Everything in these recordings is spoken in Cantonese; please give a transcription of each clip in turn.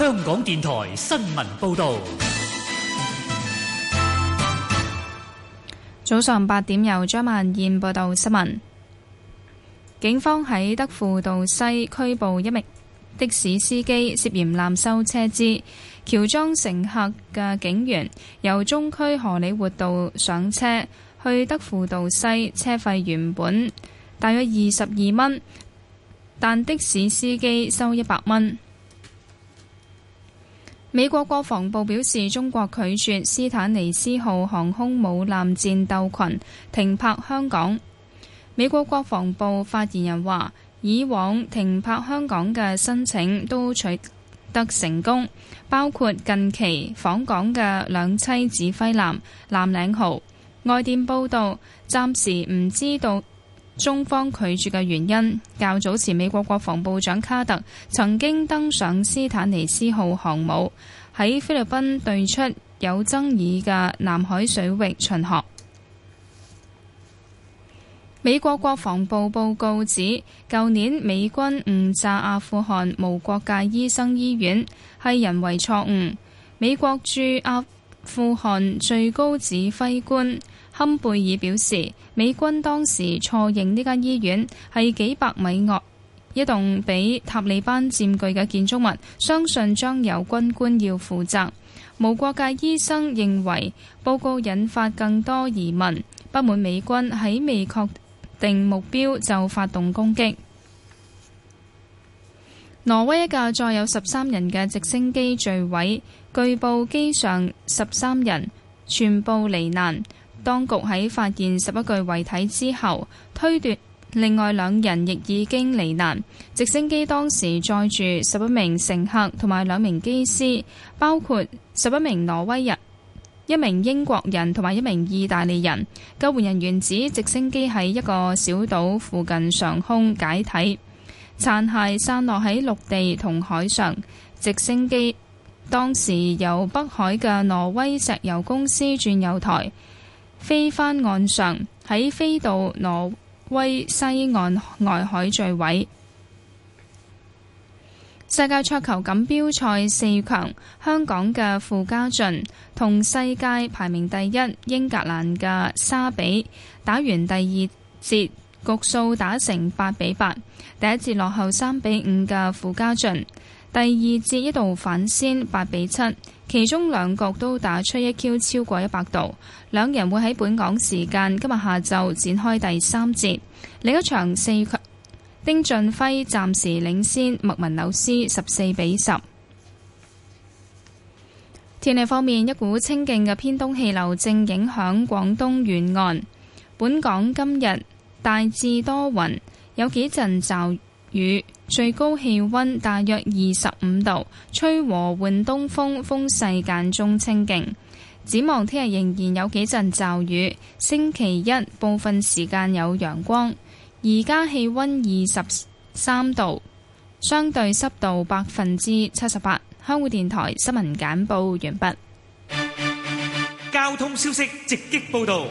香港電台新聞報道，早上八點由張萬燕報道新聞。警方喺德輔道西拘捕一名的士司機，涉嫌濫收車資。喬裝乘客嘅警員由中區荷里活道上車去德輔道西，車費原本大約二十二蚊，但的士司機收一百蚊。美國國防部表示，中國拒絕斯坦尼斯號航空母艦戰鬥群停泊香港。美國國防部發言人話，以往停泊香港嘅申請都取得成功，包括近期訪港嘅兩棲指揮艦藍嶺號。外電報道，暫時唔知道，中方拒絕嘅原因，較早前美國國防部長卡特曾經登上斯坦尼斯號航母，喺菲律賓對出有爭議嘅南海水域巡航。美國國防部報告指，舊年美軍誤炸阿富汗無國界醫生醫院係人為錯誤。美國駐阿富汗最高指揮官。坎貝爾表示，美軍當時錯認呢間醫院係幾百米外一棟俾塔利班佔據嘅建築物，相信將由軍官要負責。無國界醫生認為報告引發更多疑問，不滿美軍喺未確定目標就發動攻擊。挪威一架載有十三人嘅直升機墜毀，據報機上十三人全部罹難。當局喺發現十一具遺體之後，推斷另外兩人亦已經罹難。直升機當時載住十一名乘客同埋兩名機師，包括十一名挪威人、一名英國人同埋一名意大利人。救援人員指直升機喺一個小島附近上空解體，殘骸散落喺陸地同海上。直升機當時由北海嘅挪威石油公司鑽油台，飛返岸上，喺飛到挪威西岸外海墜毀。世界桌球錦標賽四強，香港嘅傅家俊同世界排名第一英格蘭嘅沙比打完第二節局數打成八比八，第一節落後三比五嘅傅家俊。第二節一度反先八比七，其中兩局都打出一 Q 超過一百度。兩人會喺本港時間今日下晝展開第三節。另一場四強，丁俊暉暫時領先麥文紐斯十四比十。天氣方面，一股清勁嘅偏東氣流正影響廣東沿岸。本港今日大致多雲，有幾陣驟雨。最高氣溫大約二十五度，吹和緩東風，風勢間中清勁。展望聽日仍然有幾陣驟雨，星期一部分時間有陽光。而家氣溫二十三度，相對濕度百分之七十八。香港電台新聞簡報完畢。交通消息直擊報道。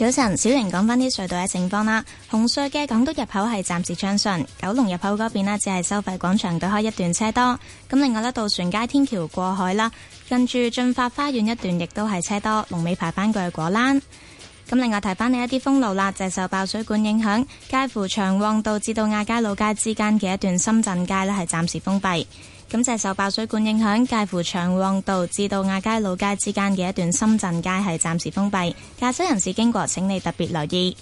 早晨，小玲講返啲隧道嘅情況啦。紅隧嘅港島入口係暫時暢順，九龍入口嗰邊呢，只係收費廣場對開一段車多。咁另外呢，渡船街天橋過海啦，跟住駿發花園一段亦都係車多，龍尾排翻過去果欄。咁另外提翻你一啲封路啦，就係、是、受爆水管影響，介乎長旺道至到亞皆老街之間嘅一段深圳街呢，係暫時封閉。咁就受爆水管影響，介乎長旺道至到亞皆老街之間嘅一段深圳街係暫時封閉，駕駛人士經過，請你特別留意。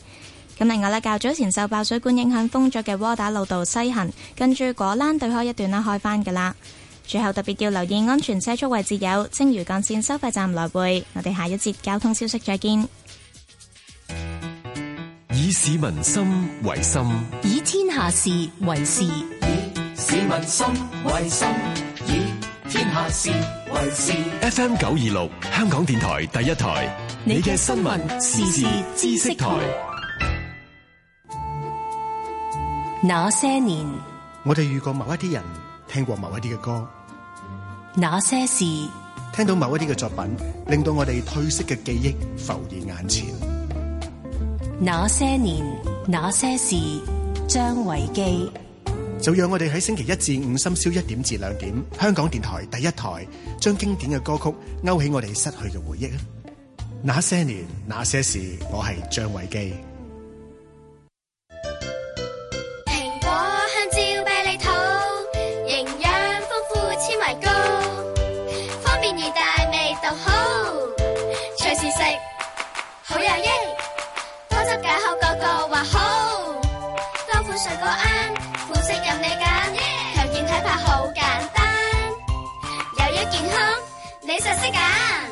咁另外咧，較早前受爆水管影響封咗嘅窩打老道西行，跟住果欄對開一段啦，開翻噶啦。最後特別要留意安全車速位置有青嶼幹線收費站來回。我哋下一節交通消息再見。以市民心為心，以天下事為事。以民心為心，以天下事為事。FM 九二六，香港電台第一台。你嘅新聞時事知識台。那些年，我哋遇過某一啲人，聽過某一啲嘅歌。那些事，聽到某一啲嘅作品，令到我哋褪色嘅記憶浮現眼前。那些年，那些事，張維基。就讓我哋喺星期一至五深宵一點至兩點，香港電台第一台將經典嘅歌曲勾起我哋失去嘅回憶啊！那些年，那些事，我係張偉基。蘋果、香蕉、啤梨、桃，營養豐富，纖維高，方便易帶，味道好，隨時食，好有益，多汁解渴，個個話好，多款水果啱。好簡單，又要健康，你實識㗎。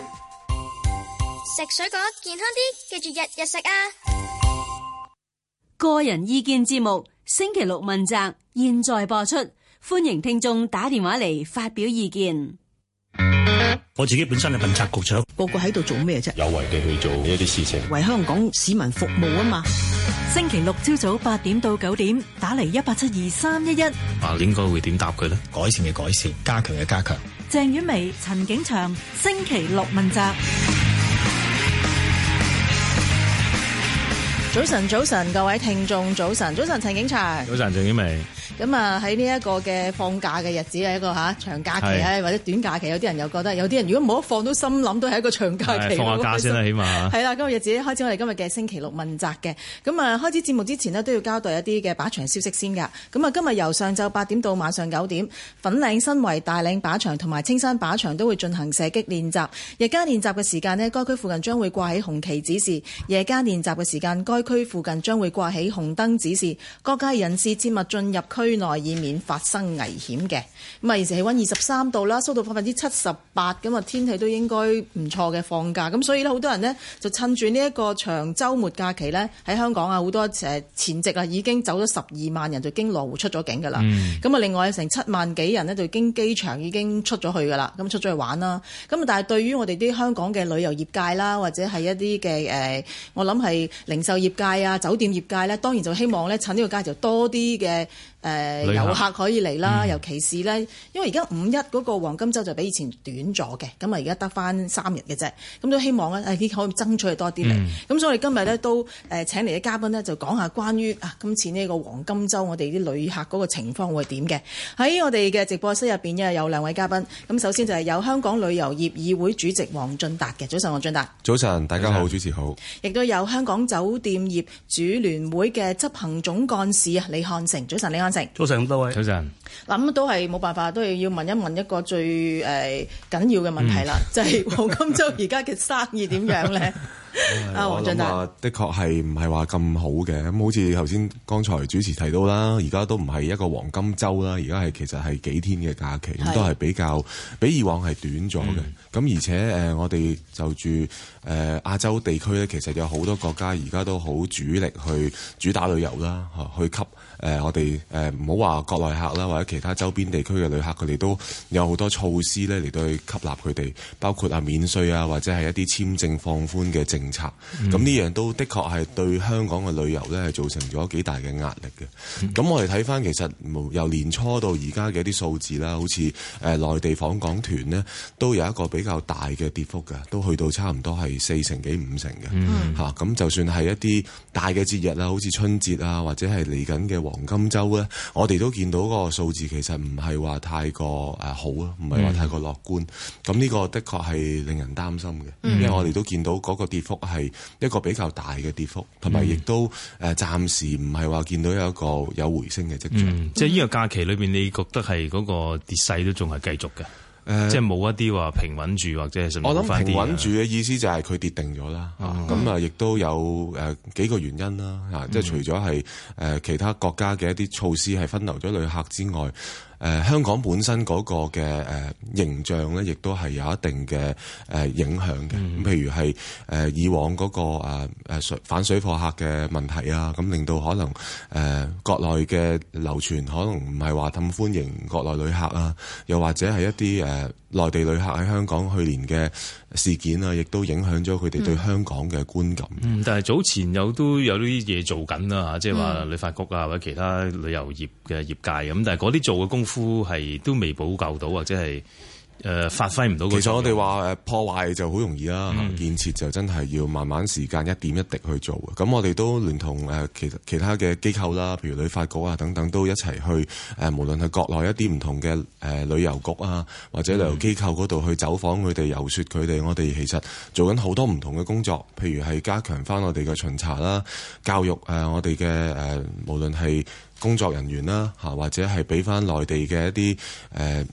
食水果健康啲，記住日日食啊！個人意見節目，星期六問責，現在播出，歡迎聽眾打電話嚟發表意見。我自己本身係問責局長，個個喺度做咩啫？有為地去做呢一啲事情，為香港市民服務啊嘛。星期六朝早八點到九點，打嚟一八七二三一一。啊，應該會點答佢咧？改善嘅改善，加強嘅加強。鄭婉薇、陳景祥，星期六問責。早晨，早晨，各位聽眾，早晨，早晨，陳景祥，早晨，鄭婉薇。咁啊喺呢一個嘅放假嘅日子係一個吓長假期咧，是的 或者短假期，有啲人又覺得，有啲人如果冇得放都心諗都係一個長假期。放假先啦，起碼係啦，今日日子開始我哋今日嘅星期六問責嘅。咁啊，開始節目之前咧都要交代一啲嘅靶場消息先㗎。咁啊，今日由上晝八點到晚上九點，粉嶺新圍大嶺靶場同埋青山靶場都會進行射擊練習。日間練習嘅時間咧，該區附近將會掛起紅旗指示；夜間練習嘅時間，該區附近將會掛起紅燈指示。各界人士切勿進入區。區內，以免發生危險嘅。咁啊，現時氣温二十三度啦，濕度百分之七十八咁啊，天氣都應該唔錯嘅。放假咁，所以呢，好多人呢就趁住呢一個長週末假期呢，喺香港啊，好多誒前夕啊已經走咗十二萬人就經羅湖出咗境㗎啦。咁啊、嗯，另外成七萬幾人呢，就經機場已經出咗去㗎啦。咁出咗去玩啦。咁啊，但係對於我哋啲香港嘅旅遊業界啦，或者係一啲嘅誒，我諗係零售業界啊、酒店業界呢，當然就希望呢趁呢個假期就多啲嘅。誒、呃、客遊客可以嚟啦，嗯、尤其是呢，因為而家五一嗰個黃金周就比以前短咗嘅，咁啊而家得翻三日嘅啫，咁都希望呢，可以爭取多啲嚟。咁、嗯、所以我哋今日呢都誒請嚟嘅嘉賓呢，就講下關於啊今次呢個黃金周我哋啲旅客嗰個情況會點嘅。喺我哋嘅直播室入邊呢有兩位嘉賓，咁首先就係有香港旅遊業議會主席黃進達嘅，早晨黃進達早晨，大家好，上主持好。亦都有香港酒店業主聯會嘅執行總幹事啊李漢城，早晨李漢。早晨咁多位，早晨上。嗱咁都係冇辦法，都係要問一問一個最誒緊、呃、要嘅問題啦，嗯、就係黃金周而家嘅生意點樣咧？ 啊，黃進達的確係唔係話咁好嘅，咁好似頭先剛才主持提到啦，而家都唔係一個黃金周啦，而家係其實係幾天嘅假期，咁都係比較比以往係短咗嘅。咁、嗯、而且誒、呃，我哋就住誒亞、呃、洲地區咧，其實有好多國家而家都好主力去主打旅遊啦，去吸。誒、呃，我哋誒唔好話國內客啦，或者其他周邊地區嘅旅客，佢哋都有好多措施咧嚟到去吸納佢哋，包括啊免稅啊，或者係一啲簽證放寬嘅政策。咁呢、嗯、樣都的確係對香港嘅旅遊咧係造成咗幾大嘅壓力嘅。咁、嗯、我哋睇翻其實由年初到而家嘅一啲數字啦，好似誒內地訪港團咧，都有一個比較大嘅跌幅嘅，都去到差唔多係四成幾五成嘅。吓、嗯，咁、嗯啊、就算係一啲大嘅節日啦，好似春節啊，或者係嚟緊嘅。黃金周咧，我哋都見到個數字其實唔係話太過誒好咯，唔係話太過樂觀。咁呢、嗯、個的確係令人擔心嘅，嗯、因為我哋都見到嗰個跌幅係一個比較大嘅跌幅，同埋亦都誒暫時唔係話見到有一個有回升嘅跡象。嗯、即係呢個假期裏邊，你覺得係嗰個跌勢都仲係繼續嘅？誒，即係冇一啲話平穩住或者，係我諗平穩住嘅意思就係佢跌定咗啦。咁啊，亦都有誒、呃、幾個原因啦，吓、啊，即係除咗係誒其他國家嘅一啲措施係分流咗旅客之外，誒、呃、香港本身個嘅誒、呃、形象咧，亦都係有一定嘅誒、呃、影響嘅。咁、啊、譬、嗯、如係誒、呃、以往、嗰個誒誒水反水貨客嘅問題啊，咁令到可能誒、啊、國內嘅流傳可能唔係話咁歡迎國內旅客啊，又或者係一啲誒。啊誒，內地旅客喺香港去年嘅事件啊，亦都影響咗佢哋對香港嘅觀感。嗯，但係早前有都有啲嘢做緊啦，吓，即係話旅發局啊或者其他旅遊業嘅業界咁，但係嗰啲做嘅功夫係都未補救到，或者係。誒、呃，發揮唔到嗰啲。其實我哋話誒破壞就好容易啦，嗯、建設就真係要慢慢時間一點一滴去做嘅。咁我哋都聯同誒、呃、其、其他其他嘅機構啦，譬如旅發局啊等等，都一齊去誒、呃，無論係國內一啲唔同嘅誒、呃、旅遊局啊，或者旅遊機構嗰度去走訪佢哋、嗯、遊說佢哋。我哋其實做緊好多唔同嘅工作，譬如係加強翻我哋嘅巡查啦、教育誒、呃、我哋嘅誒，無論係工作人員啦嚇，或者係俾翻內地嘅一啲誒。呃呃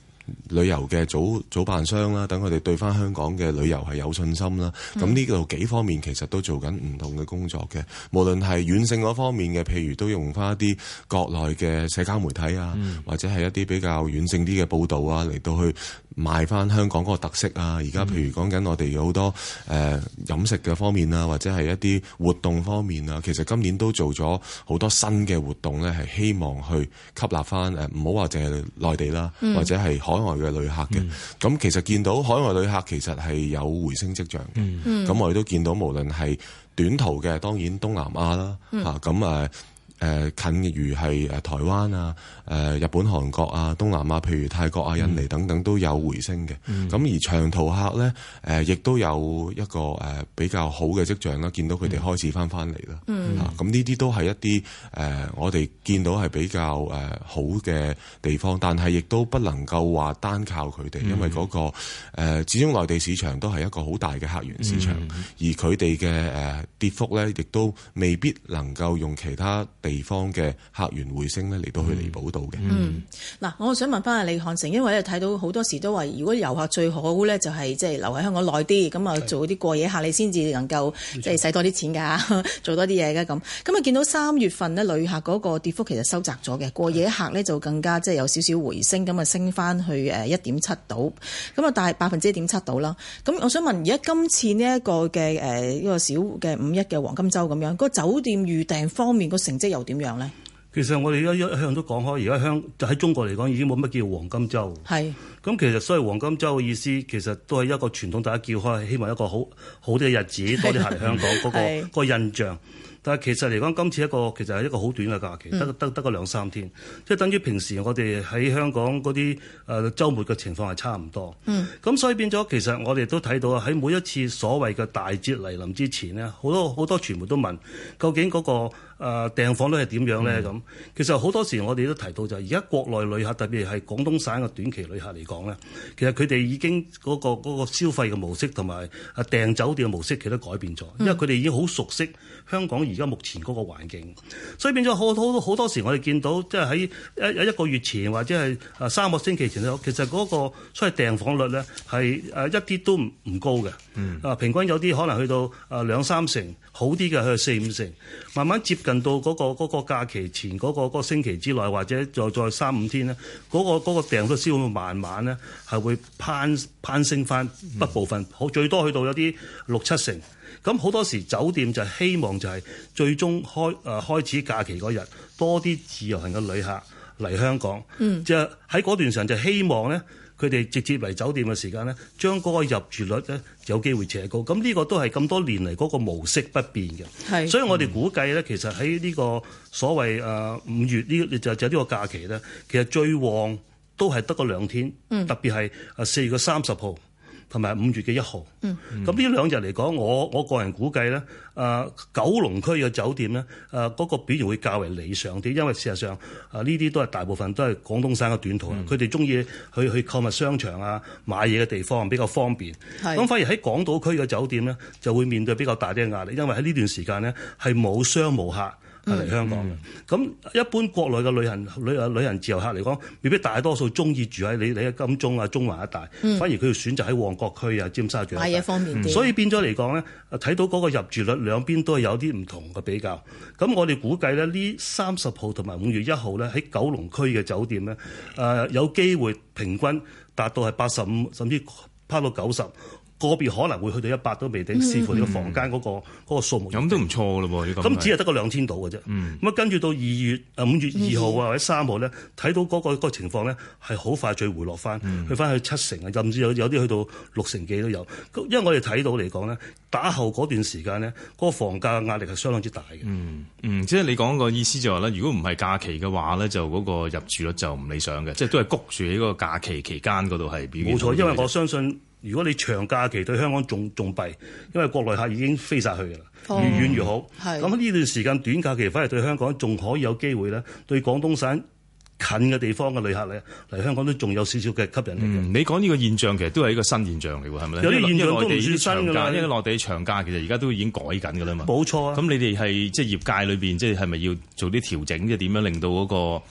旅遊嘅組組辦商啦，等佢哋對翻香港嘅旅遊係有信心啦。咁呢度幾方面其實都做緊唔同嘅工作嘅，無論係軟性嗰方面嘅，譬如都用翻一啲國內嘅社交媒體啊，嗯、或者係一啲比較軟性啲嘅報導啊，嚟到去賣翻香港嗰個特色啊。而家譬如講緊我哋有好多誒、呃、飲食嘅方面啊，或者係一啲活動方面啊，其實今年都做咗好多新嘅活動呢，係希望去吸納翻誒，唔好話淨係內地啦，嗯、或者係。海外嘅旅客嘅，咁、嗯、其實見到海外旅客其實係有回升跡象嘅，咁、嗯嗯、我哋都見到無論係短途嘅，當然東南亞啦，吓、嗯，咁誒誒，近如係誒台灣啊。誒、呃、日本、韓國啊、東南亞譬如泰國啊、印尼等等都有回升嘅。咁、嗯、而長途客咧，誒、呃、亦都有一個誒、呃、比較好嘅跡象啦，見到佢哋開始翻翻嚟啦。嚇、嗯，咁呢啲都係一啲誒、呃、我哋見到係比較誒、呃、好嘅地方，但係亦都不能夠話單靠佢哋，因為、嗰個誒始終內地市場都係一個好大嘅客源市場，嗯嗯、而佢哋嘅誒跌幅咧，亦都未必能夠用其他地方嘅客源回升咧嚟到去彌補到。嗯 Mm. 嗯，嗱，我想問翻阿李漢城，因為咧睇到好多時都話，如果遊客最好咧，就係即係留喺香港耐啲，咁啊的做啲過夜客，你先至能夠即係使多啲錢㗎，做多啲嘢嘅咁。咁啊、嗯、見到三月份呢，旅客嗰個跌幅其實收窄咗嘅，的過夜客咧就更加即係、就是、有少少回升，咁啊升翻去誒一點七度，咁啊但係百分之一點七度啦。咁我想問而家今次呢、這、一個嘅誒呢個小嘅五一嘅黃金周咁樣，那個酒店預訂方面個成績又點樣咧？其實我哋一一向都講開，而家香就喺中國嚟講已經冇乜叫黃金週。係。咁其實所謂黃金週嘅意思，其實都係一個傳統，大家叫開，希望一個好好啲嘅日子，多啲行嚟香港嗰個印象。但係其實嚟講，今次一個其實係一個好短嘅假期，得得得個兩三天，嗯、即係等於平時我哋喺香港嗰啲誒週末嘅情況係差唔多。嗯。咁所以變咗，其實我哋都睇到喺每一次所謂嘅大節嚟臨之前咧，好多好多，多傳媒都問究竟嗰、嗰個。誒、啊、訂房率係點樣咧？咁、嗯、其實好多時我哋都提到，就係而家國內旅客，特別係廣東省嘅短期旅客嚟講咧，其實佢哋已經嗰、嗰個嗰個消費嘅模式同埋誒訂酒店嘅模式，其實都改變咗，嗯、因為佢哋已經好熟悉香港而家目前嗰個環境，所以變咗好好，好，好，好多時，我哋見到即係喺一一個月前或者係誒三個星期前咧，其實嗰個所謂訂房率咧係誒一啲都唔唔高嘅，嗯、啊平均有啲可能去到誒兩三成，好啲嘅去到四五成。慢慢接近到嗰、那個那個假期前嗰、那個那個星期之內，或者再再三五天咧，嗰、那個嗰、那個訂嗰個銷會慢慢咧係會攀升攀升翻一部分，好、嗯、最多去到有啲六七成。咁好多時酒店就希望就係最終開誒、呃、開始假期嗰日多啲自由行嘅旅客嚟香港，即、嗯、就喺嗰段時間就希望咧。佢哋直接嚟酒店嘅時間咧，將嗰個入住率咧有機會扯高，咁、這、呢個都係咁多年嚟嗰個模式不變嘅。係是，所以我哋估計咧，嗯、其實喺呢個所謂誒五、呃、月呢、這個，就就呢個假期咧，其實最旺都係得個兩天，嗯、特別係誒四月三十號。同埋五月嘅一號，咁呢兩日嚟講，我我個人估計咧，誒、呃、九龍區嘅酒店咧，誒嗰個表現會較為理想啲，因為事實上誒呢啲都係大部分都係廣東省嘅短途，佢哋中意去去購物商場啊買嘢嘅地方比較方便，咁是反而喺港島區嘅酒店咧就會面對比較大啲嘅壓力，因為喺呢段時間咧係冇商務客，嚟香港嘅，咁、嗯、一般國內嘅旅行旅啊，旅行自由客嚟講，未必大多數中意住喺你你嘅金鐘啊、中環一帶，嗯、反而佢要選擇喺旺角區啊、尖沙咀買嘢方面，所以變咗嚟講咧，睇、嗯、到嗰個入住率兩邊都係有啲唔同嘅比較。咁我哋估計咧，呢三十號同埋五月一號咧，喺九龍區嘅酒店咧，誒、嗯嗯、有機會平均達到係八十五，甚至拋到九十。個別可能會去到一百都未定，嗯、視乎你個房間嗰、那個嗰、嗯、數目。咁都唔錯㗎咯喎！咁只係得個兩千度嘅啫。咁啊，跟住到二月啊五月二號啊或者三號咧，睇到嗰個情況咧，係好快再回落翻，去翻、嗯、去七成啊，甚至有有啲去到六成幾都有。因為我哋睇到嚟講咧，打後嗰段時間咧，嗰、嗰個房價嘅壓力係相當之大嘅、嗯。嗯，即係你講個意思就係話咧，如果唔係假期嘅話咧，就嗰個入住率就唔理想嘅，即係都係谷住喺個假期期，期間嗰度係。冇錯，因為我相信。如果你長假期對香港仲仲弊，因為國內客已經飛晒去㗎啦，哦，越遠越好。係。咁呢段時間短假期反而對香港仲可以有機會咧，對廣東省近嘅地方嘅旅客咧，嚟香港都仲有少少嘅吸引力嘅、嗯。你講呢個現象其實都係一個新現象嚟㗎，係咪？有啲現象都係新嘅啦，因為內地長假其實而家都已經改緊㗎啦嘛。冇錯啊！咁你哋係即係業界裏邊即係係咪要做啲調整，即係點樣令到嗰個？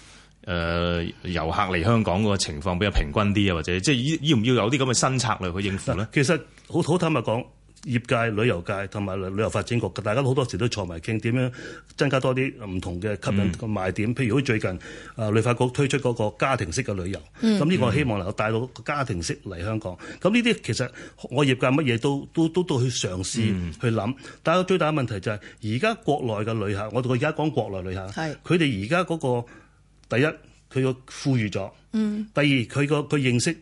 誒遊客嚟香港嗰個情況比較平均啲啊，或者即係要唔要有啲咁嘅新策略去應付咧？其實好好坦白講，業界、旅遊界同埋旅遊發展局，大家好多時都坐埋傾點樣增加多啲唔同嘅吸引個賣點。譬如好似最近啊，旅發局推出嗰個家庭式嘅旅遊，咁呢個希望能夠帶到個家庭式嚟香港。咁呢啲其實我業界乜嘢都都都都去嘗試去諗，但係個最大嘅問題就係而家國內嘅旅客，我哋而家講國內旅客，佢哋而家嗰個。第一，佢個富裕咗；第二，佢個佢認識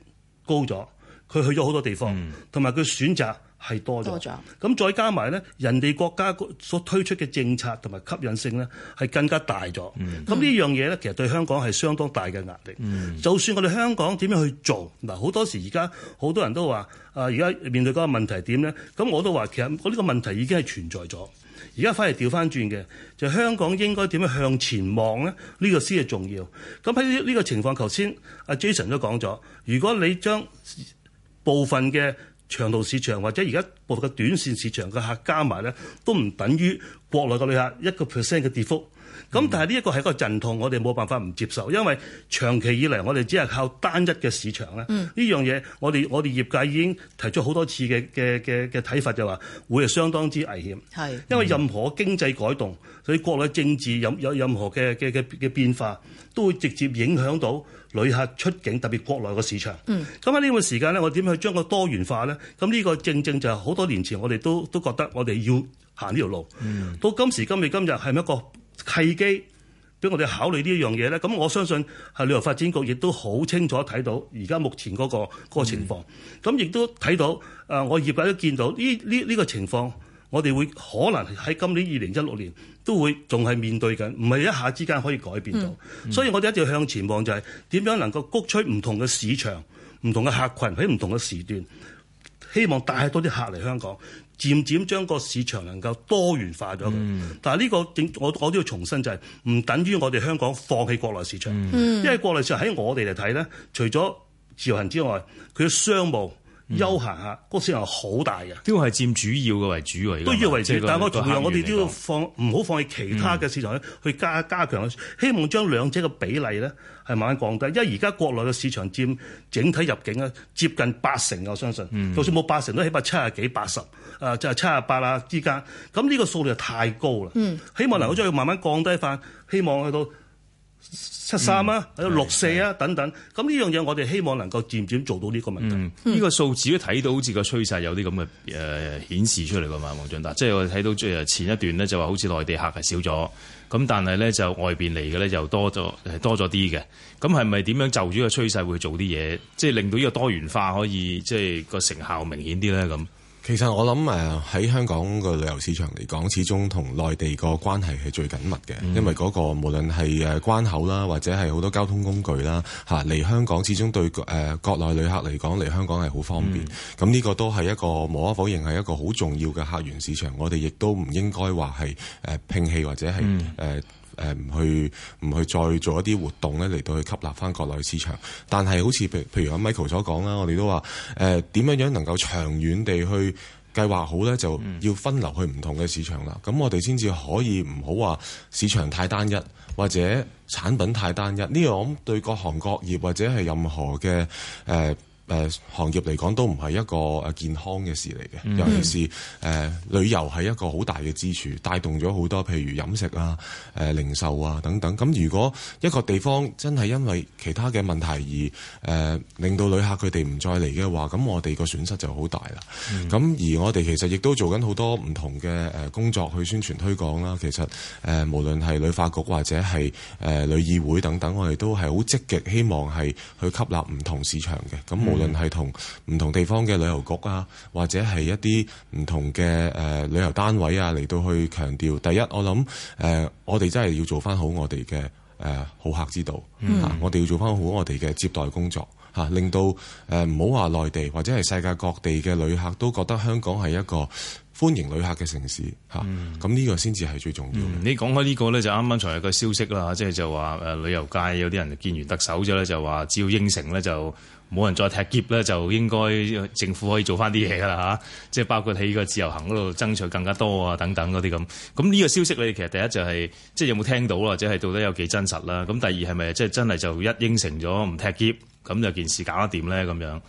高咗，佢去咗好多地方，同埋佢選擇係多咗。咁了再加埋咧，人哋國家所推出嘅政策同埋吸引性咧，係更加大咗。咁呢、嗯、樣嘢咧，其實對香港係相當大嘅壓力。嗯、就算我哋香港點樣去做，嗱，好多時而家好多人都話：啊，而家面對嗰個問題點咧？咁我都話，其實我呢個問題已經係存在咗。而家反而調翻轉嘅，就香港應該點樣向前望咧？呢個先係重要。咁喺呢個情況，頭先阿 Jason 都講咗，如果你將部分嘅長途市場或者而家部分嘅短線市場嘅客加埋咧，都唔等於國內個旅客一個 percent 嘅跌幅。咁、嗯、但係呢一個係一個陣痛，我哋冇辦法唔接受，因為長期以嚟我哋只係靠單一嘅市場咧。呢、嗯、樣嘢我哋我哋業界已經提出好多次嘅嘅嘅嘅睇法，就話會係相當之危險。係、嗯、因為任何經濟改動，所以國內政治有有任何嘅嘅嘅嘅變化，都會直接影響到旅客出境，特別國內嘅市場。咁喺呢個時間咧，我點去將個多元化咧？咁呢個正正就係好多年前我哋都都覺得我哋要行呢條路。嗯、到今時今日今日係咪一個契機俾我哋考慮呢一樣嘢咧，咁我相信係旅遊發展局亦都好清楚睇到而家目前嗰、嗰個嗰個情況，咁亦都睇到誒，我業界都見到呢呢呢個情況，我哋會可能喺今年二零一六年都會仲係面對緊，唔係一下之間可以改變到，嗯嗯、所以我哋一直向前望就係、是、點樣能夠谷吹唔同嘅市場、唔同嘅客群喺唔同嘅時段，希望帶多啲客嚟香港。漸漸將個市場能夠多元化咗佢，嗯、但係、這、呢個政我我都要重申就係、是、唔等於我哋香港放棄國內市場，嗯、因為國內市場喺我哋嚟睇咧，除咗自由行之外，佢嘅商務。休閒啊，個市場好大嘅，都係佔主要嘅為主喎、啊。都要為主，那個、但係我同樣，我哋都要放唔好放棄其他嘅市場咧，去加、嗯、加強咧。希望將兩者嘅比例咧係慢慢降低，因為而家國內嘅市場佔整體入境咧接近八成，我相信，嗯、就算冇八成都起碼七廿幾八十，誒、呃、就係七廿八啊之間。咁呢個數量太高啦，希望能夠再慢慢降低翻，希望去到。七三啊，有六四啊，等等。咁呢樣嘢我哋希望能夠漸漸做到呢個問題。呢個數字都睇到好似個趨勢有啲咁嘅誒顯示出嚟㗎嘛，黃進達。即係我哋睇到即係前一段咧，就話好似內地客係少咗，咁但係咧就外邊嚟嘅咧就多咗誒多咗啲嘅。咁係咪點樣就住個趨勢會做啲嘢，即係令到呢個多元化可以即係個成效明顯啲咧咁？其實我諗誒喺香港個旅遊市場嚟講，始終同內地個關係係最緊密嘅，嗯、因為嗰、那個無論係誒關口啦，或者係好多交通工具啦，嚇、啊、嚟香港始終對誒、呃、國內旅客嚟講嚟香港係好方便。咁呢、嗯、個都係一個無可否認係一個好重要嘅客源市場。我哋亦都唔應該話係誒摒棄或者係誒。嗯呃誒唔、呃、去唔去再做一啲活動咧，嚟到去吸納翻國內市場。但係好似譬譬如阿 Michael 所講啦，我哋都話誒點樣樣能夠長遠地去計劃好咧，就要分流去唔同嘅市場啦。咁我哋先至可以唔好話市場太單一或者產品太單一。呢、這、樣、個、我諗對各行各業或者係任何嘅誒。呃誒、呃、行業嚟講都唔係一個誒健康嘅事嚟嘅，mm hmm. 尤其是誒、呃、旅遊係一個好大嘅支柱，帶動咗好多譬如飲食啊、誒、呃、零售啊等等。咁如果一個地方真係因為其他嘅問題而誒、呃、令到旅客佢哋唔再嚟嘅話，咁我哋個損失就好大啦。咁、mm hmm. 而我哋其實亦都做緊好多唔同嘅誒工作去宣傳推廣啦。其實誒、呃、無論係旅發局或者係誒旅議會等等，我哋都係好積極希望係去吸納唔同市場嘅。咁無論係同唔同地方嘅旅遊局啊，或者係一啲唔同嘅誒旅遊單位啊，嚟到去強調第一，我諗誒、呃，我哋真係要做翻好我哋嘅誒好客之道吓、嗯啊，我哋要做翻好我哋嘅接待工作吓、啊，令到誒唔好話內地或者係世界各地嘅旅客都覺得香港係一個歡迎旅客嘅城市吓，咁、啊、呢、嗯、個先至係最重要、嗯、你講開呢個呢，就啱啱才有個消息啦，即係就話、是、誒旅遊界有啲人見完特首咗咧，就話只要應承呢就。 冇人再踢劫咧，就應該政府可以做翻啲嘢㗎啦嚇，即係包括喺個自由行嗰度爭取更加多啊等等嗰啲咁。咁呢個消息你其實第一就係、是、即係有冇聽到或者係到底有幾真實啦？咁第二係咪即係真係就一應承咗唔踢劫，咁就件事搞得掂咧？咁樣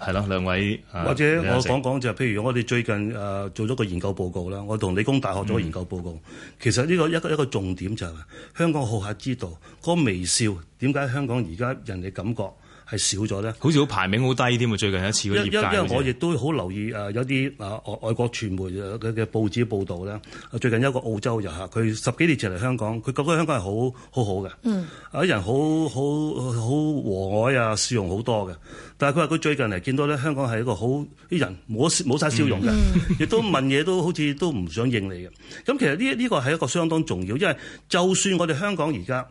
係咯，兩位、啊、或者我講講就譬、是、如我哋最近誒做咗個研究報告啦，我同理工大學做個研究報告，報告嗯、其實呢個一個一個重點就係、是、香港好客之道嗰、那個微笑點解香港而家人哋感覺。係少咗咧，好似好排名好低添啊！最近一次個業界，因為我亦都好留意誒、啊、有啲啊外國傳媒嘅嘅報紙報道咧。最近有一個澳洲人吓，佢十幾年前嚟香港，佢覺得香港係好好好嘅。嗯，啲人好好好和藹啊，笑容好多嘅。但係佢話佢最近嚟見到咧，香港係一個、嗯嗯、好啲人冇冇曬笑容嘅，亦都問嘢都好似都唔想應你嘅。咁其實呢呢個係一個相當重要，因為就算我哋香港而家